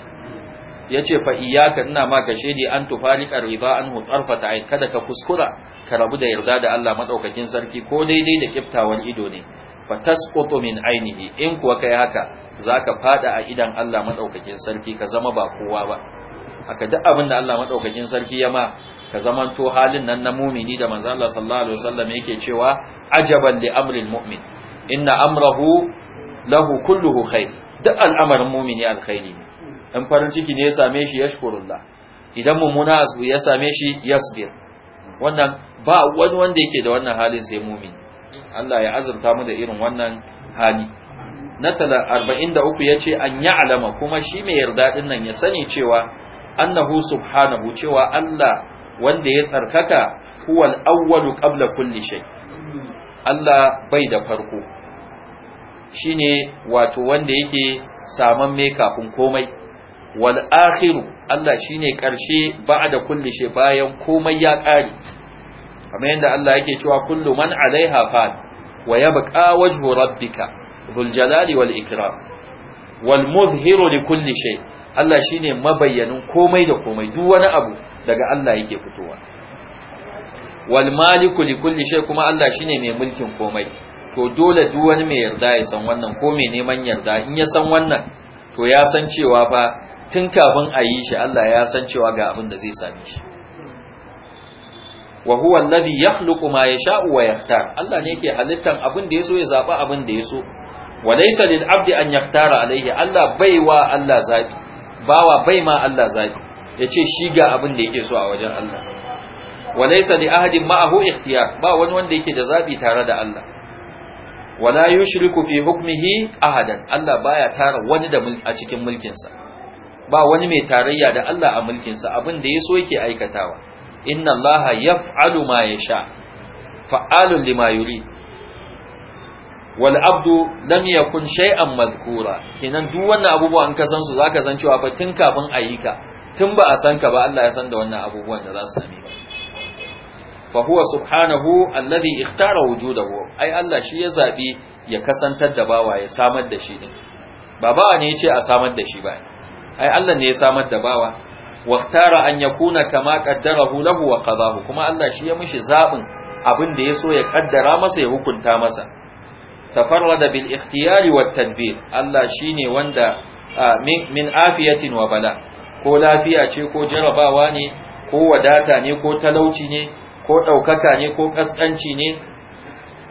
yace fa iyaka ina ma ka shedi an ba riba anhu tarfata ay kada ka kuskura ka rabu da yarda da Allah maɗaukakin sarki ko daidai da kiftawan ido ne fa tasqutu min ainihi in kuwa kai haka zaka fada a idan Allah maɗaukakin sarki ka zama ba kowa ba aka duk abin da Allah maɗaukakin sarki ya ma ka zamanto halin nan na mumini da manzo Allah sallallahu alaihi wasallam yake cewa ajaban li amril mu'min inna amrahu lahu kulluhu khair duk al'amarin mumini alkhairi ne in farin ciki ne ya same shi yashkurullah idan mummuna asbu ya same shi yasbir wannan ba wani wanda yake da wannan halin sai mumin Allah ya azurta mu da irin wannan hali na ya ce an yi alama, kuma shi mai yarda ɗin nan ya sani cewa annahu subhanahu cewa Allah wanda ya tsarkaka kuwal awwalu qabla kulli Allah bai da farko shine wato wanda yake saman me kafin komai wal akhiru Allah shine ƙarshe ba'a da kullishe bayan komai ya ƙare. kamar yadda Allah yake cewa kullu man alaiha fan wa yabqa wajhu rabbika dhul jalali wal ikram wal muzhiru li kulli shay shine mabayyanin komai da komai duk wani abu daga Allah yake fitowa wal maliku li kuma Allah shine mai mulkin komai to dole duk wani mai yarda ya san wannan ko mai neman yarda in ya san wannan to ya san cewa fa tun kafin a yi shi Allah ya san cewa ga abin da zai same shi wa huwa alladhi yakhluqu ma yasha'u wa yaftar Allah ne yake halittan abin da yaso ya zaba abin da yaso wa laysa lil abdi an yaftara alaihi Allah baiwa Allah zabi bawa bai ma Allah zabi yace shi ga abin da yake so a wajen Allah wa laysa li ahadin ma'ahu ikhtiyar ba wani wanda yake da zabi tare da Allah wala yushriku fi hukmihi ahadan Allah baya tara wani da a cikin mulkinsa ba wani mai tarayya da Allah a mulkinsa abin da ya so yake aikatawa inna allaha yaf'alu ma sha fa'alun lima wal'abdu wal abdu lam yakun shay'an kenan duk wannan abubuwa in kasan su za ka zan cewa fa tun kafin ka, tun ba a san ka ba Allah ya san da wannan abubuwan da za su same ka fa huwa subhanahu alladhi ikhtara wujudahu ai Allah shi ya zabi ya kasantar da bawa ya samar da shi din ba ba ne ya ce a samar da shi ba ai Allah ne ya samar da bawa waktara an yakuna kama qaddarahu lahu wa qadahu kuma Allah shi ya mishi zabin abin da ya so ya kaddara masa ya hukunta masa tafarrada bil ikhtiyari wa tadbir Allah shine wanda min afiyatin wa bala ko lafiya ce ko jarabawa ne ko wadata ne ko talauci ne ko ɗaukaka ne ko ƙasƙanci ne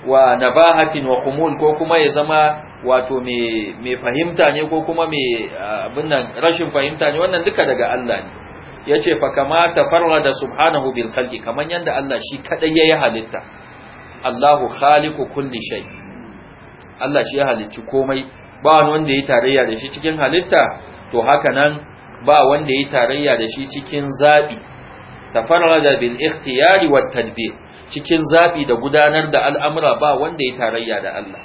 wa nabahatin wa kumul ko kuma ya zama wato mai fahimta ne ko kuma mai abin rashin fahimta ne wannan duka daga Allah ne yace fa kama da subhanahu bil khalqi kaman yanda Allah shi kadai yayi halitta Allahu khaliqu kulli shay Allah shi ya halicci komai ba wanda yayi tarayya da shi cikin halitta to haka nan ba wanda yayi tarayya da shi cikin zabi tafarrada bil ikhtiyari wat tadbir cikin zabi da gudanar da al'amura ba wanda yayi tarayya da Allah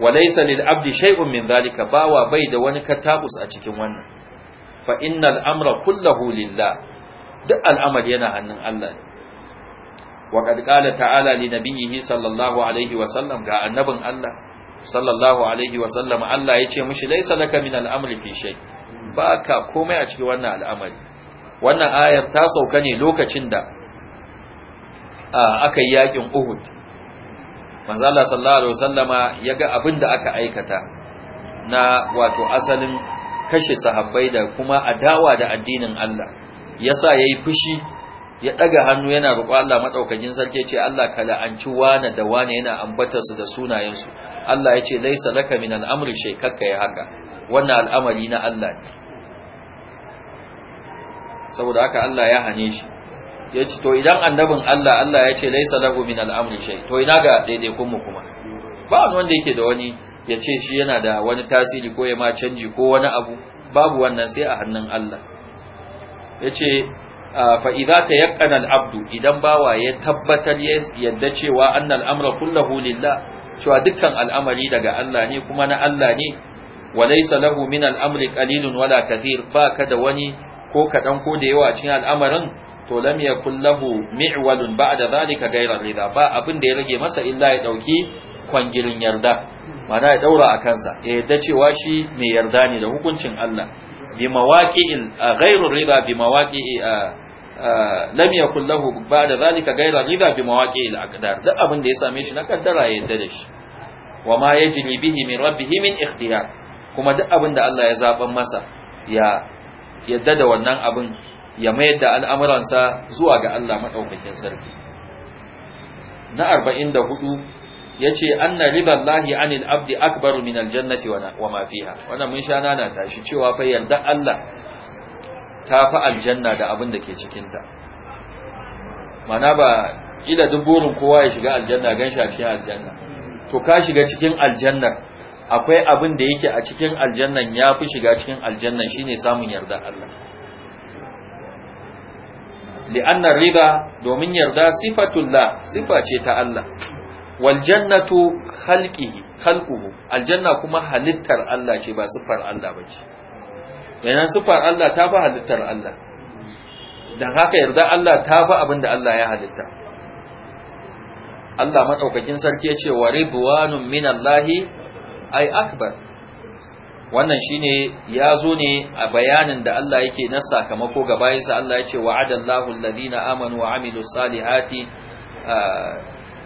wa laysa abdi shay'un min zalika bawa bai da wani katabus a cikin wannan fa innal amra kulluhu Lilla. duk al'amari yana hannun Allah ne wa qad qala ta'ala li nabiyhi sallallahu alaihi wa sallam ga annabin Allah sallallahu alaihi wa sallam Allah yace mishi laysa laka min al'amri fi shay baka komai a cikin wannan al'amari wannan ayar ta sauka ne lokacin da aka yi yakin Uhud manzala sallallahu alaihi wasallama ya ga abin da aka aikata na wato asalin kashe sahabbai da kuma adawa da addinin Allah yasa yayi fushi ya ɗaga hannu yana roƙo Allah maɗaukakin sarki ce Allah an ci wane da wane yana su da sunayensu Allah ya ce laisa laka min al'amri shay kakka ya haka wannan al'amari na Allah ne saboda haka Allah ya hane shi ya ce to idan annabin Allah Allah ya ce laisa lahu min al'amri shay to ina ga kun mu kuma ba wani wanda yake da wani ya ce shi yana da wani tasiri ko ya ma canji ko wani abu babu wannan sai a hannun Allah ya ce fa idza tayaqqana al-abdu idan bawa ya tabbatar ya yadda cewa annal amra kulluhu lillah cewa dukkan al'amari daga Allah ne kuma na Allah ne wa laisa lahu min al-amri qalilun wala kathir ba ka da wani ko kaɗan ko da yawa cikin al'amarin to lam yakun lahu mi'walun ba'da zalika ghayra rida ba abin da ya rage masa illa ya dauki kwangirin yarda mana ya daura a kansa ya yarda cewa shi mai yarda ne da hukuncin Allah bi mawaqi'il ghayru rida bi mawaqi'i lam yakun lahu ba'da zalika ghayra rida bi mawaqi'il aqdar duk abin da ya same shi na kaddara ya yadda da shi wa ma yajri bihi min rabbihi min ikhtiyar kuma duk abin da Allah ya zaban masa ya yadda da wannan abin ya mayar da al'amuransa zuwa ga Allah maɗaukakin sarki. Na arba'in da hudu ya ce, An ribar lahi anil abdi akbaru min aljannati wa mafiha, wannan mun sha nana tashi cewa fa yarda Allah ta fi aljanna da abin da ke cikinta. Mana ba ila duk kowa ya shiga aljanna gan shi a cikin aljanna. To ka shiga cikin aljannar akwai abin da yake a cikin aljannan ya fi shiga cikin aljannan shine samun yarda Allah. li'annar riba domin yarda sifatullah sifa ce ta Allah wal jannatu khalqihi khalquhu aljanna kuma halittar Allah ce ba sifar Allah bace yana sifar Allah ta ba halittar Allah dan haka yarda Allah ta ba abinda Allah ya halitta Allah madaukakin sarki ya ce wa ridwanun minallahi ay akbar wannan shine ya zo ne a bayanin da Allah yake na sakamako ga bayansa Allah ya ce wa'adallahu alladhina amanu wa amilus salihati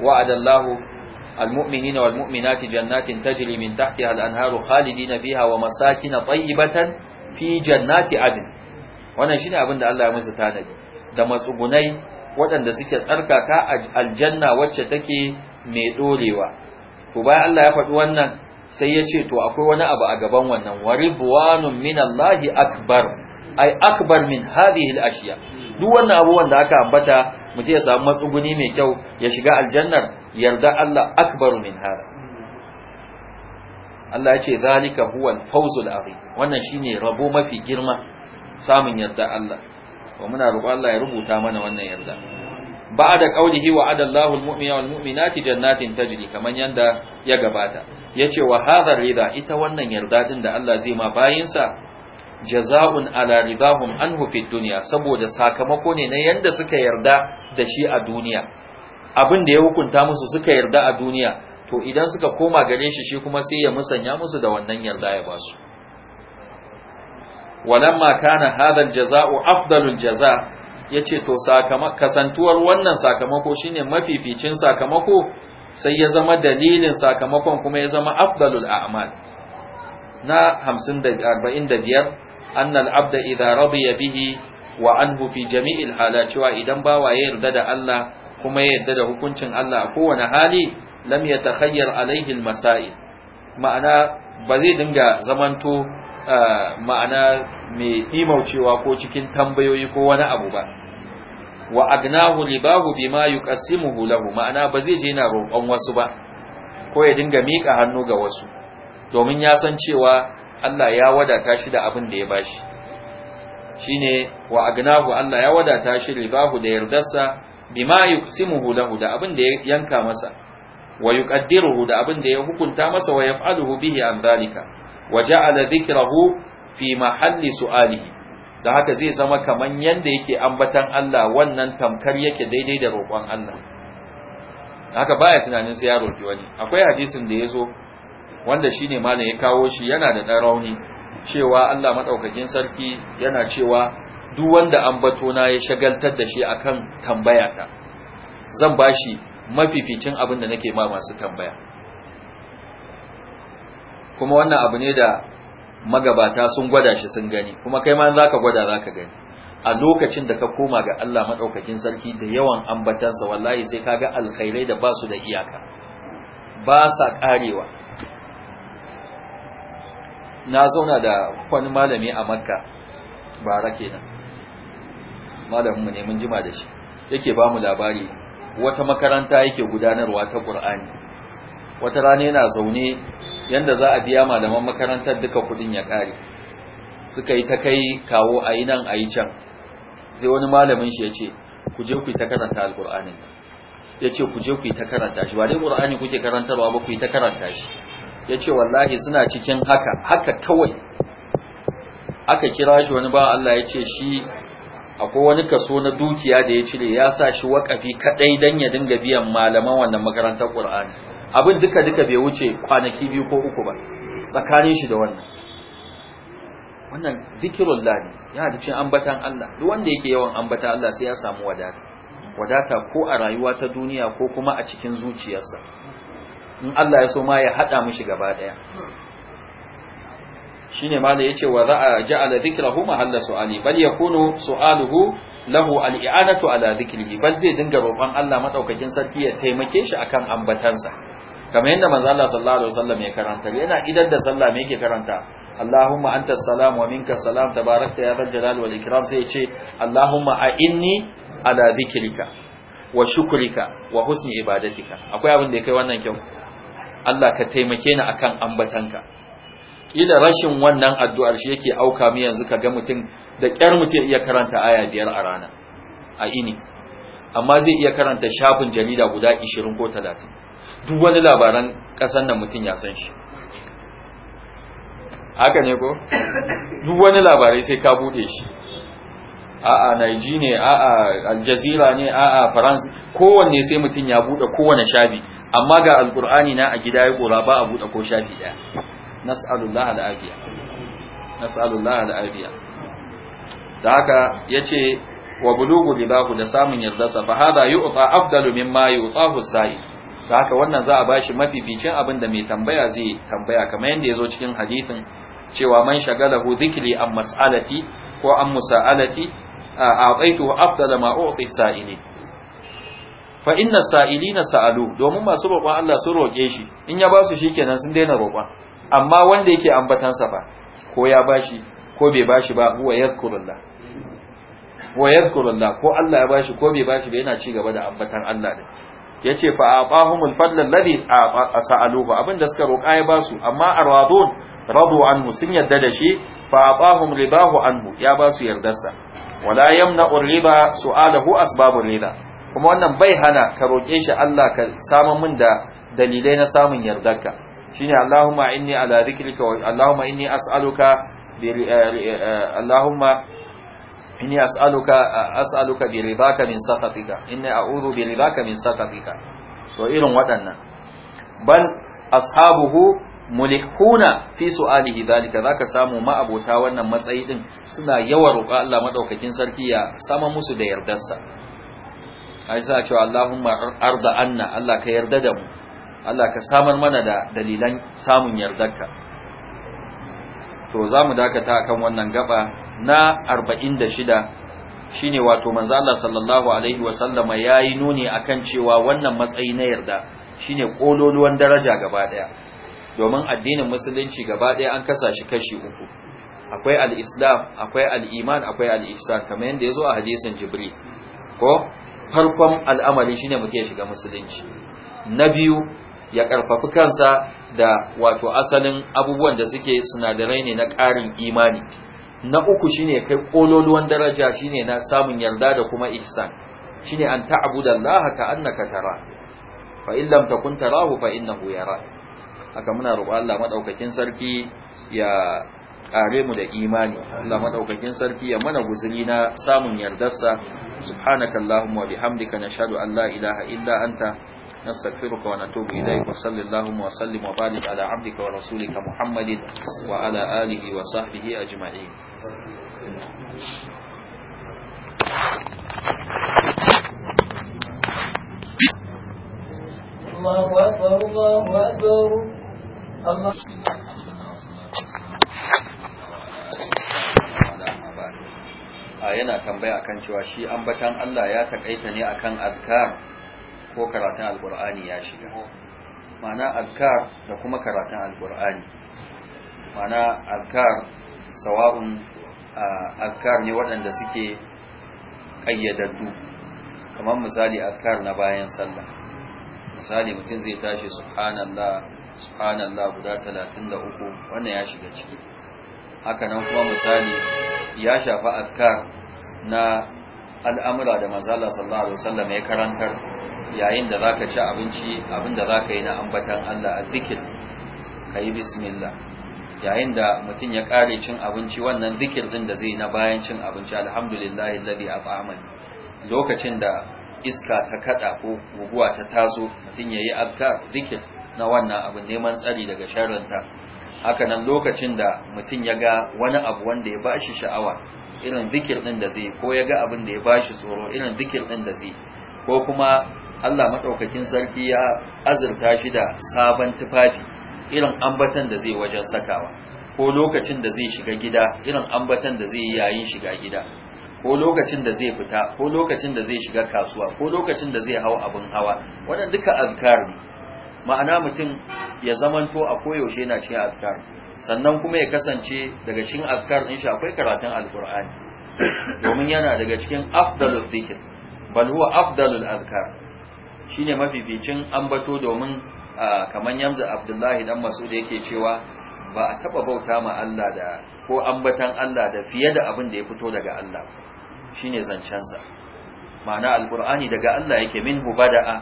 wa'adallahu jannatin والمؤمنات min تجري من تحتها الأنهار خالدين فيها ومساكن طيبة fi jannati عدن wannan shine abin da Allah ya musu tanadi da matsugunai waɗanda suke tsarkaka aljanna wacce take mai dorewa to bayan Allah ya faɗi wannan sai ya ce to akwai wani abu a gaban wannan waribwanun minallahi akbar ai akbar min hadhihi ashiya duk wannan abubuwan da aka ambata mutum ya samu matsuguni mai kyau ya shiga aljannar yarda Allah akbaru min hada Allah ya ce zalika huwa al-fawzul azim wannan shine rabo mafi girma samun yarda Allah wa muna roƙon Allah ya rubuta mana wannan yarda ba'da qawlihi wa'ada Allahu al-mu'mina wal mu'minati jannatin tajri kaman yanda ya gabata yace wa hadha rida ita wannan yarda din da Allah zai ma sa? jaza'un ala ridahum anhu fi dunya saboda sakamako ne na yanda suka yarda da shi a duniya abin da ya hukunta musu suka yarda a duniya to idan suka koma gare shi shi kuma sai ya musanya musu da wannan yarda ya basu walamma kana hadha al-jaza'u afdalul jaza' ya ce to kasantuwar wannan sakamako shine mafificin sakamako sai ya zama dalilin sakamakon kuma ya zama afdalul a'mal na 45 annal abda idza radiya bihi wa anhu fi jami'il hala idan bawa ya yarda da Allah kuma ya yarda da hukuncin Allah a kowane hali lam yatakhayyar alaihi almasail ma'ana ba zai dinga zamanto ah, ma'ana mai imaucewa ko cikin tambayoyi ko wani abu ba wa agnahu libahu bima yuqassimuhu lahu ma'ana ba zai je na roƙon wasu ba ko ya dinga mika hannu ga wasu domin ya san cewa Allah ya wadata shi da abin da ya bashi shine wa agnahu Allah ya wadata shi libahu da yardarsa bima yuqsimuhu lahu da abin da ya yanka masa wa yuqaddiruhu da abin da ya hukunta masa wa yaf'aluhu bihi an zalika wa ja'ala dhikrahu fi mahalli su'alihi da haka zai zama kaman yanda yake ambatan Allah wannan tamkar yake daidai da roƙon Allah haka baya tunanin sai ya roƙi wani akwai hadisin da yazo wanda shine malam ya kawo shi yana da dan rauni cewa Allah madaukakin sarki yana cewa duk wanda ambato na ya shagaltar da shi akan tambaya ta zan bashi mafificin abin da nake ma masu tambaya kuma wannan abu ne da magabata sun gwada shi sun gani kuma kai ma za ka gwada za ka gani a lokacin da ka koma ga Allah maɗaukakin sarki da yawan ambatansa wallahi sai ka ga alkhairai da ba su da iyaka ba sa ƙarewa na zauna da kwani malami a makka rake nan, malaminmu ne mun jima da shi yake ba mu labari wata makaranta yake gudanarwa ta ƙur'ani wata rana yana zaune yanda za a biya malaman makarantar duka kudin ya kare suka yi ta kai kawo a yi nan a yi can sai wani malamin shi ya ce ku je ku yi ta karanta alkur'anin ya ce ku je ku yi ta karanta shi ba dai ƙur'ani kuke karantarwa ba ku yi ta karanta shi ya ce wallahi suna cikin haka haka kawai aka kira shi wani ba Allah ya ce shi akwai wani kaso na dukiya da ya cire ya sa shi waƙafi kaɗai don ya dinga biyan malaman wannan makarantar ƙur'ani abin duka duka bai wuce kwanaki biyu ko uku ba tsakanin shi da wannan wannan zikirin Ladi yana da cin ambatan Allah duk wanda yake yawan ambata Allah sai ya samu wadata wadata ko a rayuwa ta duniya ko kuma a cikin zuciyarsa in Allah ya so ma ya hada mishi gaba daya shine malai yace wa za'a ja'ala dhikrahu mahalla su'ali bal yakunu su'aluhu lahu al-i'anatu ala dhikrihi bal zai dinga roƙon Allah madaukakin sarki ya taimake shi akan ambatansa kamar yadda manzo Allah sallallahu alaihi wasallam ya karanta yana idan da sallah me yake karanta Allahumma anta salam wa minka salam tabarakta ya rajjal wal ikram sai ya ce Allahumma a inni ala dhikrika wa shukrika wa husni ibadatika akwai abin da ya kai wannan kyau Allah ka taimake ni akan ambatanka kila rashin wannan addu'ar shi yake auka mu yanzu ga mutum da kyar mutum iya karanta aya biyar a rana a ini amma zai iya karanta shafin jarida guda 20 ko 30 duk wani labaran kasan nan mutum ya san shi haka ne ko duk wani labarai sai ka bude shi a'a naiji ne a'a aljazira ne a'a france kowanne sai mutum ya bude kowane shafi amma ga alkur'ani na a gida ya kora ba a bude ko shafi daya nas'alullah al'afiya nas'alullah al'afiya da haka yace wa bulugu libahu da samun yarda sa fa hada yu'ta afdalu mimma yu'tahu sa'i da haka wannan za a bashi mafificin abin da mai tambaya zai tambaya kamar yadda ya zo cikin hadithin cewa man shagalahu dhikri an mas'alati ko an musa'alati a'taituhu afdala ma u'ti sa'ili fa inna sa'ilina sa'alu domin masu roƙon Allah sun roƙe shi in ya ba basu shikenan sun daina roƙon amma wanda yake ambatansa ba ko ya bashi ko bai bashi ba huwa yadhkurullah wa yadhkurullah ko Allah ya bashi ko bai bashi ba yana cigaba da ambatan Allah din ce fa aqahumul fadl alladhi sa'aluhu da suka roƙa ya basu amma arwadun radu anhu sun yadda da shi fa ribahu anhu ya basu yardarsa wala su riba su'alahu asbabur rida kuma wannan bai hana ka roƙe shi Allah ka samu min da dalilai na samun yardarka shine Allahumma inni ala dhikrika wa Allahumma inni as'aluka eh, eh, eh, Allahumma inni as'aluka as'aluka bi ridaka min sakatika inni a'udhu bi ridaka min sakatika so irin waɗannan bal ashabuhu mulikuna fi su'alihi zalika zaka samu ma abota wannan matsayi din suna yawan roƙa Allah madaukakin sarki ya sama musu da yardarsa ai sa cewa Allahumma arda anna Allah ka yarda da mu Allah ka samar mana da dalilan samun yardarka to za mu dakata akan wannan gaba na 46 shine wato manzo Allah sallallahu alaihi ya yi nuni akan cewa wannan matsayi na yarda shine kololuwan daraja gaba daya domin addinin musulunci gaba daya an kasa shi kashi uku akwai al-islam akwai al-iman akwai al-ihsan kamar yanda yazo a hadisin jibril ko farkon al'amari shine muke shiga musulunci na biyu ya karfafi kansa da wato asalin abubuwan da suke sinadarai ne na ƙarin imani na uku shine kai kololuwan daraja shine na samun yarda da kuma ihsan shine an ta'budallaha ka tara fa in lam takun tarahu fa innahu yara haka muna roƙo Allah madaukakin sarki ya kare mu da imani Allah madaukakin sarki ya mana guzuri na samun yardarsa subhanakallahumma wa bihamdika nashhadu an la ilaha illa anta نستغفرك ونتوب إليك وصل اللهم وسلم وبارك على عبدك ورسولك محمد وعلى آله وصحبه أجمعين الله أكبر الله أكبر الله yana tambaya kan cewa shi ambatan Allah ya takaita ne akan azkar ko karatun alkur'ani ya shiga mana alkar da kuma karatun alkur'ani mana alkar sawabin alkar ne waɗanda suke ƙayyadaddu kamar misali alkar na bayan sallah misali mutum zai tashi subhanallah subhanallah guda 33 wannan ya shiga ciki haka nan kuma misali ya shafa alkar na al'amura da mazala sallallahu alaihi wasallam ya karantar yayin da zaka ci abinci abinda zaka yi na ambatan Allah azzikir kayi bismillah yayin da mutum ya kare cin abinci wannan zikir din da zai na bayan cin abinci alhamdulillahi a at'amani lokacin da iska ta kada ko guguwa ta taso mutum yayi abka zikir na wannan abin neman tsari daga sharrinta haka nan lokacin da mutum ya ga wani abu wanda ya bashi sha'awa irin zikir din da zai ko ya ga abin da ya shi tsoro irin zikir din da zai ko kuma Allah maɗaukakin sarki ya azurta shi da sabon tufafi irin ambatan da zai wajen sakawa ko lokacin da zai shiga gida irin ambatan da zai yi yayin shiga gida ko lokacin da zai fita ko lokacin da zai shiga kasuwa ko lokacin da zai hau abin hawa wannan duka azkar ne ma'ana mutum ya zamanto a koyaushe yana cikin azkar sannan kuma ya kasance daga cikin azkar din shi akwai karatun Alkur'ani, domin yana daga cikin afdalul zikr bal huwa afdalul azkar shine mafificin ambato domin kamar yamza abdullahi dan masud yake cewa ba a taba bauta ma Allah da ko ambatan Allah da fiye da abin da ya fito daga Allah shine zancensa ma'ana alqur'ani daga Allah yake minhu hubada'a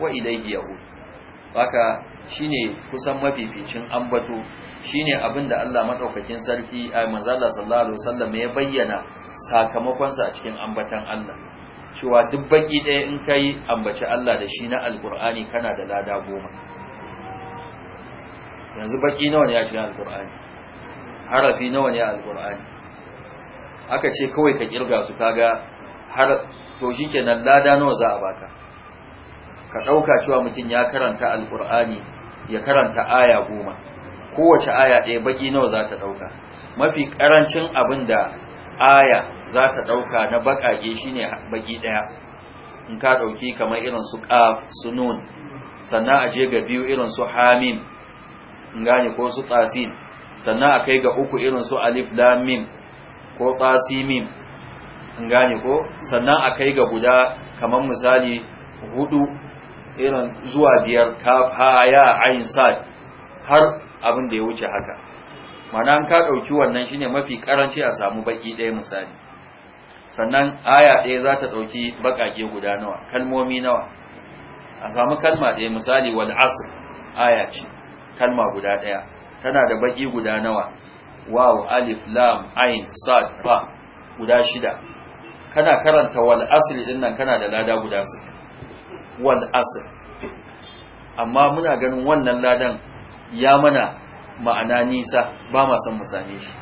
wa ilayhi ya'ud haka shine kusan mafificin ambato shine abin da Allah madaukakin sarki a sallallahu ya bayyana sakamakonsa a cikin ambatan Allah cewa duk baki ɗaya in ka yi ambaci Allah da shi na alkur'ani kana da lada goma yanzu baki nawa ne a cikin alkur'ani harafi nawa ne a alkur'ani aka ce kawai ka kirga su kaga har to shi ke nan lada nawa za a baka ka ɗauka cewa mutum ya karanta alkur'ani ya karanta aya goma kowace aya ɗaya baki nawa za ta ɗauka mafi ƙarancin abin da aya za ta ɗauka na baƙaƙe shine baƙi ɗaya in ka ɗauki kamar irin su ƙaf su nun sannan a je ga biyu irin su hamim in gane ko su tasin sannan a kai ga uku irin su alif lam mim ko tasimim in gane ko sannan a kai ga guda kamar misali hudu irin zuwa biyar kaf ha ya ain sad har abin da ya wuce haka mana an ka ɗauki wannan shine mafi karanci a samu baki ɗaya misali sannan aya ɗaya za ta ɗauki baƙaƙe guda nawa kalmomi nawa a samu kalma ɗaya misali wal asr aya ce kalma guda ɗaya tana da baki guda nawa waw alif lam ain sad ba guda shida kana karanta wal asr din nan kana da lada guda su wal asr amma muna ganin wannan ladan ya mana ma'ana nisa ba ma son musane shi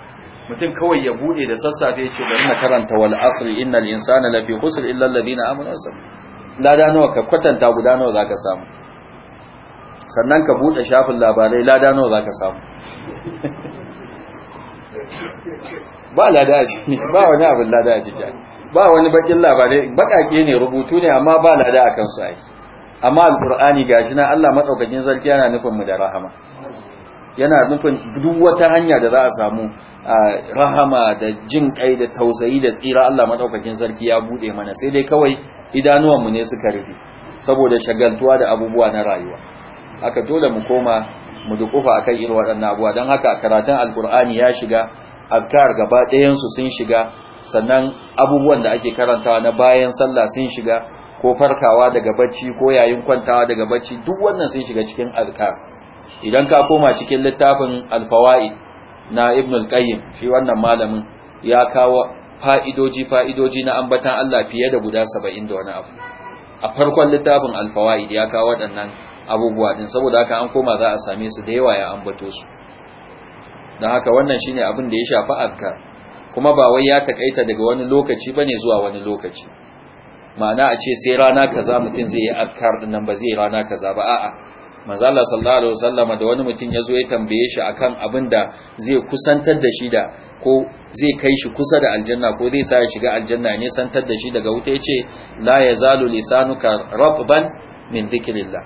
mutum kawai ya bude da sassafe ya ce bari na karanta wal asri innal insana lafi khusr illa alladhina amanu lada nawa ka kwatanta guda nawa zaka samu sannan ka bude shafin labarai lada nawa zaka samu ba lada a ciki ba wani abin lada a ciki ba wani bakin labarai bakake ne rubutu ne amma ba lada a kansu ai amma alqur'ani gashi na Allah madaukakin sarki yana nufin mu da rahama yana nufin duk wata hanya da za a samu rahama da jin kai da tausayi da tsira Allah madaukakin sarki ya bude mana sai dai kawai idanuwan mu ne suka rufe saboda shagaltuwa da abubuwa na rayuwa Aka dole mu koma mu dukufa akan irin waɗannan abubuwa don haka karatun alkur'ani ya shiga azkar gaba ɗayan su sun shiga sannan abubuwan da ake karantawa na bayan sallah sun shiga ko farkawa daga bacci ko yayin kwantawa daga bacci duk wannan sun shiga cikin azkar idan ka koma cikin littafin alfawa'i na ibn al-qayyim shi wannan malamin ya kawo fa'idoji fa'idoji na ambatan Allah fiye da guda 70 da wani abu a farkon littafin alfawa'i ya kawo waɗannan abubuwa din saboda haka an koma za a same su da yawa ya ambato su dan haka wannan shine abin da ya shafi azkar kuma ba wai ya takaita daga wani lokaci bane zuwa wani lokaci ma'ana a ce sai rana kaza mutum zai yi azkar din nan ba zai rana kaza ba a'a manzala sallallahu alaihi wasallama da wani mutum ya zo ya tambaye shi akan abin da zai kusantar da shi da ko zai kai shi kusa da aljanna ko zai sa ya shiga aljanna ne santar da shi daga wuta yace la yazalu lisanuka rabban min dhikrillah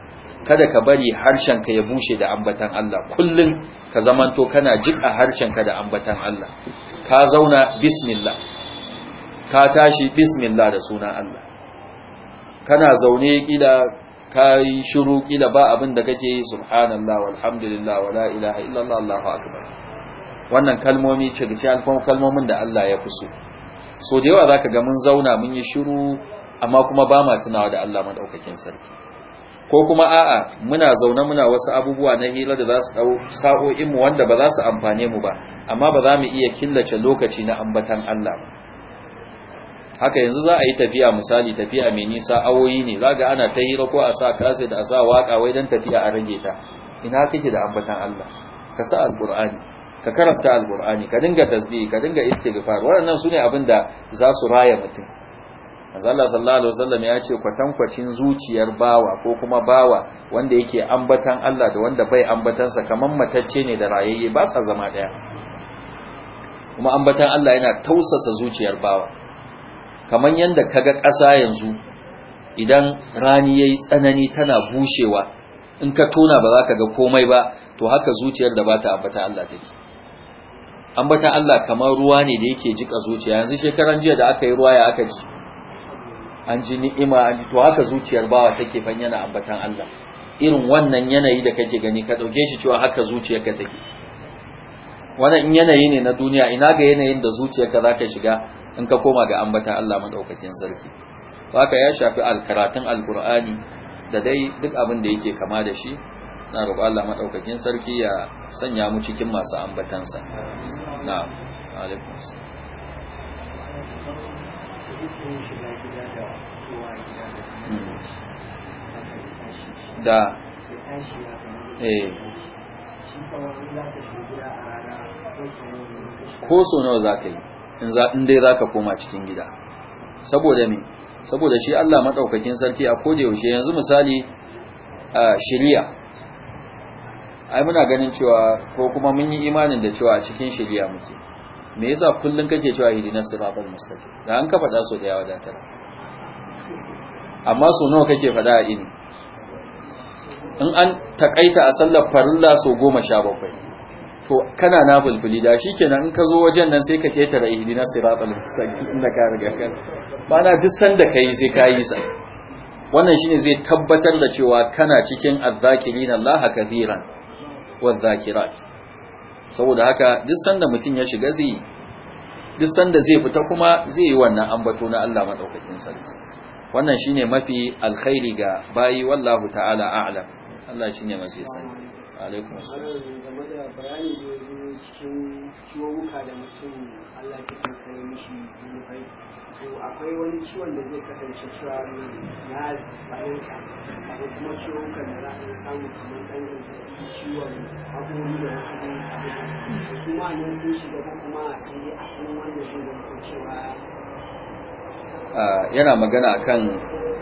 kada ka bari harshen ka ya bushe da ambatan Allah kullun ka zamanto kana jika harshenka da ambatan Allah ka zauna bismillah ka tashi bismillah da sunan Allah kana zaune kila ka yi shiru kila ba abin da kake yi subhanallah walhamdulillah wala ilaha illallah allahu akbar wannan kalmomi ce da ce kalmomin da Allah ya fi so da yawa zaka ga mun zauna mun yi shiru amma kuma ba ma tunawa da Allah madaukakin sarki ko kuma a'a muna zaune muna wasu abubuwa na hira da za su dau sa'o'in mu wanda ba za su amfane mu ba amma ba za mu iya killace lokaci na ambatan Allah ba haka yanzu za a yi tafiya misali tafiya mai nisa awoyi ne za ga ana ta hira ko a sa kasa da a sa waka wai don tafiya a rage ta ina kake da ambatan Allah ka sa alqur'ani ka karanta alqur'ani ka dinga tasbi ka dinga istighfar waɗannan ne abin da za su raya mutum Allah sallallahu alaihi wasallam ya ce kwatankwacin zuciyar bawa ko kuma bawa wanda yake ambatan Allah da wanda bai ambatansa kaman matacce ne da rayayye ba sa zama ɗaya. kuma ambatan Allah yana tausasa zuciyar bawa kamar yadda kaga ƙasa yanzu idan rani yayi tsanani tana bushewa in ka tona ba za ka ga komai ba to haka zuciyar da bata ambata Allah take ambata Allah kamar ruwa ne da yake jika zuciya yanzu shekaran jiya da aka yi ruwa ya aka ji an ji ni'ima an ji to haka zuciyar bawa take fanyana ambatan Allah irin wannan yanayi da kake gani ka dauke shi cewa haka zuciyarka take wannan in yanayi ne na duniya ina ga yanayin da zuciyarka za ka shiga in ka koma ga ambata Allah madaukakin sarki haka ya shafi alkaratun alkur'ani da dai duk abin da yake kama da shi na roƙo Allah madaukakin sarki ya sanya mu cikin masu ambatansa na alaikum hmm. da eh ko so nawa za ka yi in dai za ka koma cikin gida saboda me saboda shi Allah maɗaukakin sarki a yaushe yanzu misali a shirya ai muna ganin cewa ko kuma mun yi imanin da cewa a cikin shirya muke me yasa kullum kake cewa hidinas siratal mustaqim da an ka faɗa so da yawa da amma so nawa kake faɗa a ini in an takaita a sallar farilla so goma sha bakwai to kana na bulbuli da shi kenan in ka zo wajen nan sai ka ketare ihdina siratal mustaqim inda ka riga ba na duk sanda kai sai ka yi sa wannan shine zai tabbatar da cewa kana cikin azzakirina Allah kathiran wadh zakirat saboda haka duk sanda mutun ya shiga zai duk sanda zai fita kuma zai yi wannan ambato na Allah madaukakin sarki wannan shine mafi alkhairi ga bayi wallahu ta'ala a'lam Allah shine mafi sani alaikum game da bayani da yanzu cikin ciwuka da mutum Allah ke mishi to akwai wani ciwon da zai kasance cewa ya akwai kuma da za a yi samu kamar ɗan zazzaɓi ciwon da wasu abubuwa ne sun shiga ko kuma sai a wanda zai zama cewa ah, yana magana akan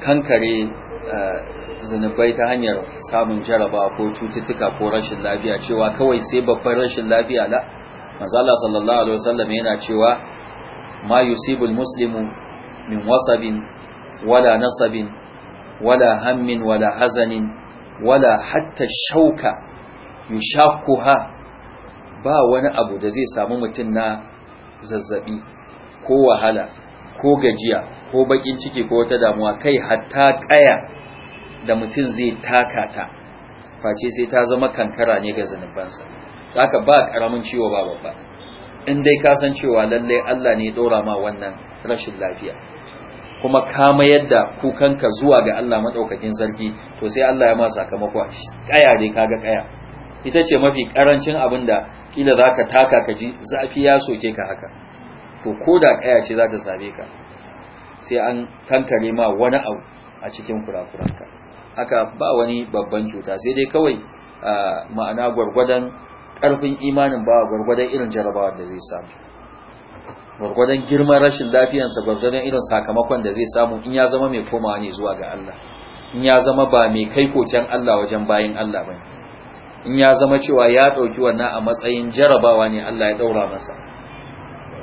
kankare Eh, zinubai ta hanyar samun jaraba ko cututtuka ko rashin lafiya cewa kawai sai babban rashin lafiya la mazala sallallahu alaihi wasallam yana cewa ma yusibul muslimu min wasabin wala nasabin wala hammin wala hazanin wala hatta shauka yushakuha ba wani abu da zai samu mutum na zazzabi ko wahala ko gajiya ko bakin ciki ko wata damuwa kai hatta kaya da mutum zai taka ta face sai ta zama kankara ne ga zunubansa ka ba karamin ciwo ba babba in dai ka san cewa lalle Allah ne dora ma wannan rashin lafiya kuma kama yadda da kukanka zuwa ga Allah madaukakin sarki to sai Allah ya ma sakamako kaya dai kaga kaya ita ce mafi karancin abin da kila zaka taka ka ji zafi ya soke ka haka to ko da kaya ce za ta same ka sai an kankare ma wani abu a cikin kurakuranka haka ba wani babban cuta sai dai kawai ma'ana gwargwadon ƙarfin imanin ba gwargwadon irin jarabawar da zai samu gwargwadon girman rashin lafiyansa gwargwadon irin sakamakon da zai samu in ya zama mai komawa ne zuwa ga Allah in ya zama ba mai kai koken Allah wajen bayin Allah ba in ya zama cewa ya ɗauki wannan a matsayin jarabawa ne Allah ya ɗaura masa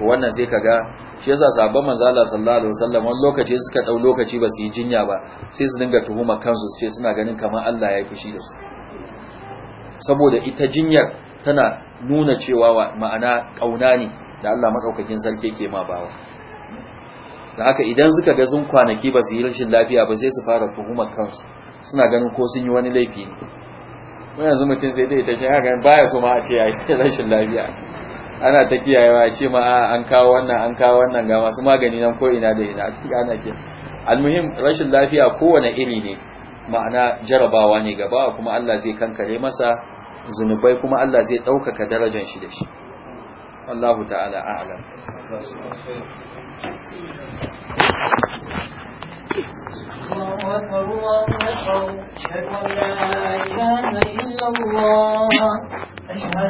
wannan sai kaga shi yasa sabon manzo Allah sallallahu alaihi wasallam wani lokaci suka dau lokaci ba su yi jinya ba sai su dinga tuhuma kansu su ce suna ganin kamar Allah ya kishi da su saboda ita jinyar tana nuna cewa ma'ana kauna ne da Allah madaukakin sarki ke ma bawa da haka idan suka ga sun kwanaki ba su yi rashin lafiya ba sai su fara tuhumar kansu suna ganin ko sun yi wani laifi ne yanzu mutum sai dai ta shi haka baya so ma a ce ya yi rashin lafiya ana ta kiyayewa a ce ma an kawo wannan an kawo wannan ga masu magani nan ko ina da ina a cikin ana ke almuhim rashin lafiya kowane iri ne ma'ana jarabawa ne gaba kuma Allah zai kankare masa zunubai kuma Allah zai ɗaukaka darajar shi da shi Allahu ta'ala a'lam أشهد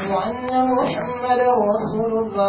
أن محمد رسول الله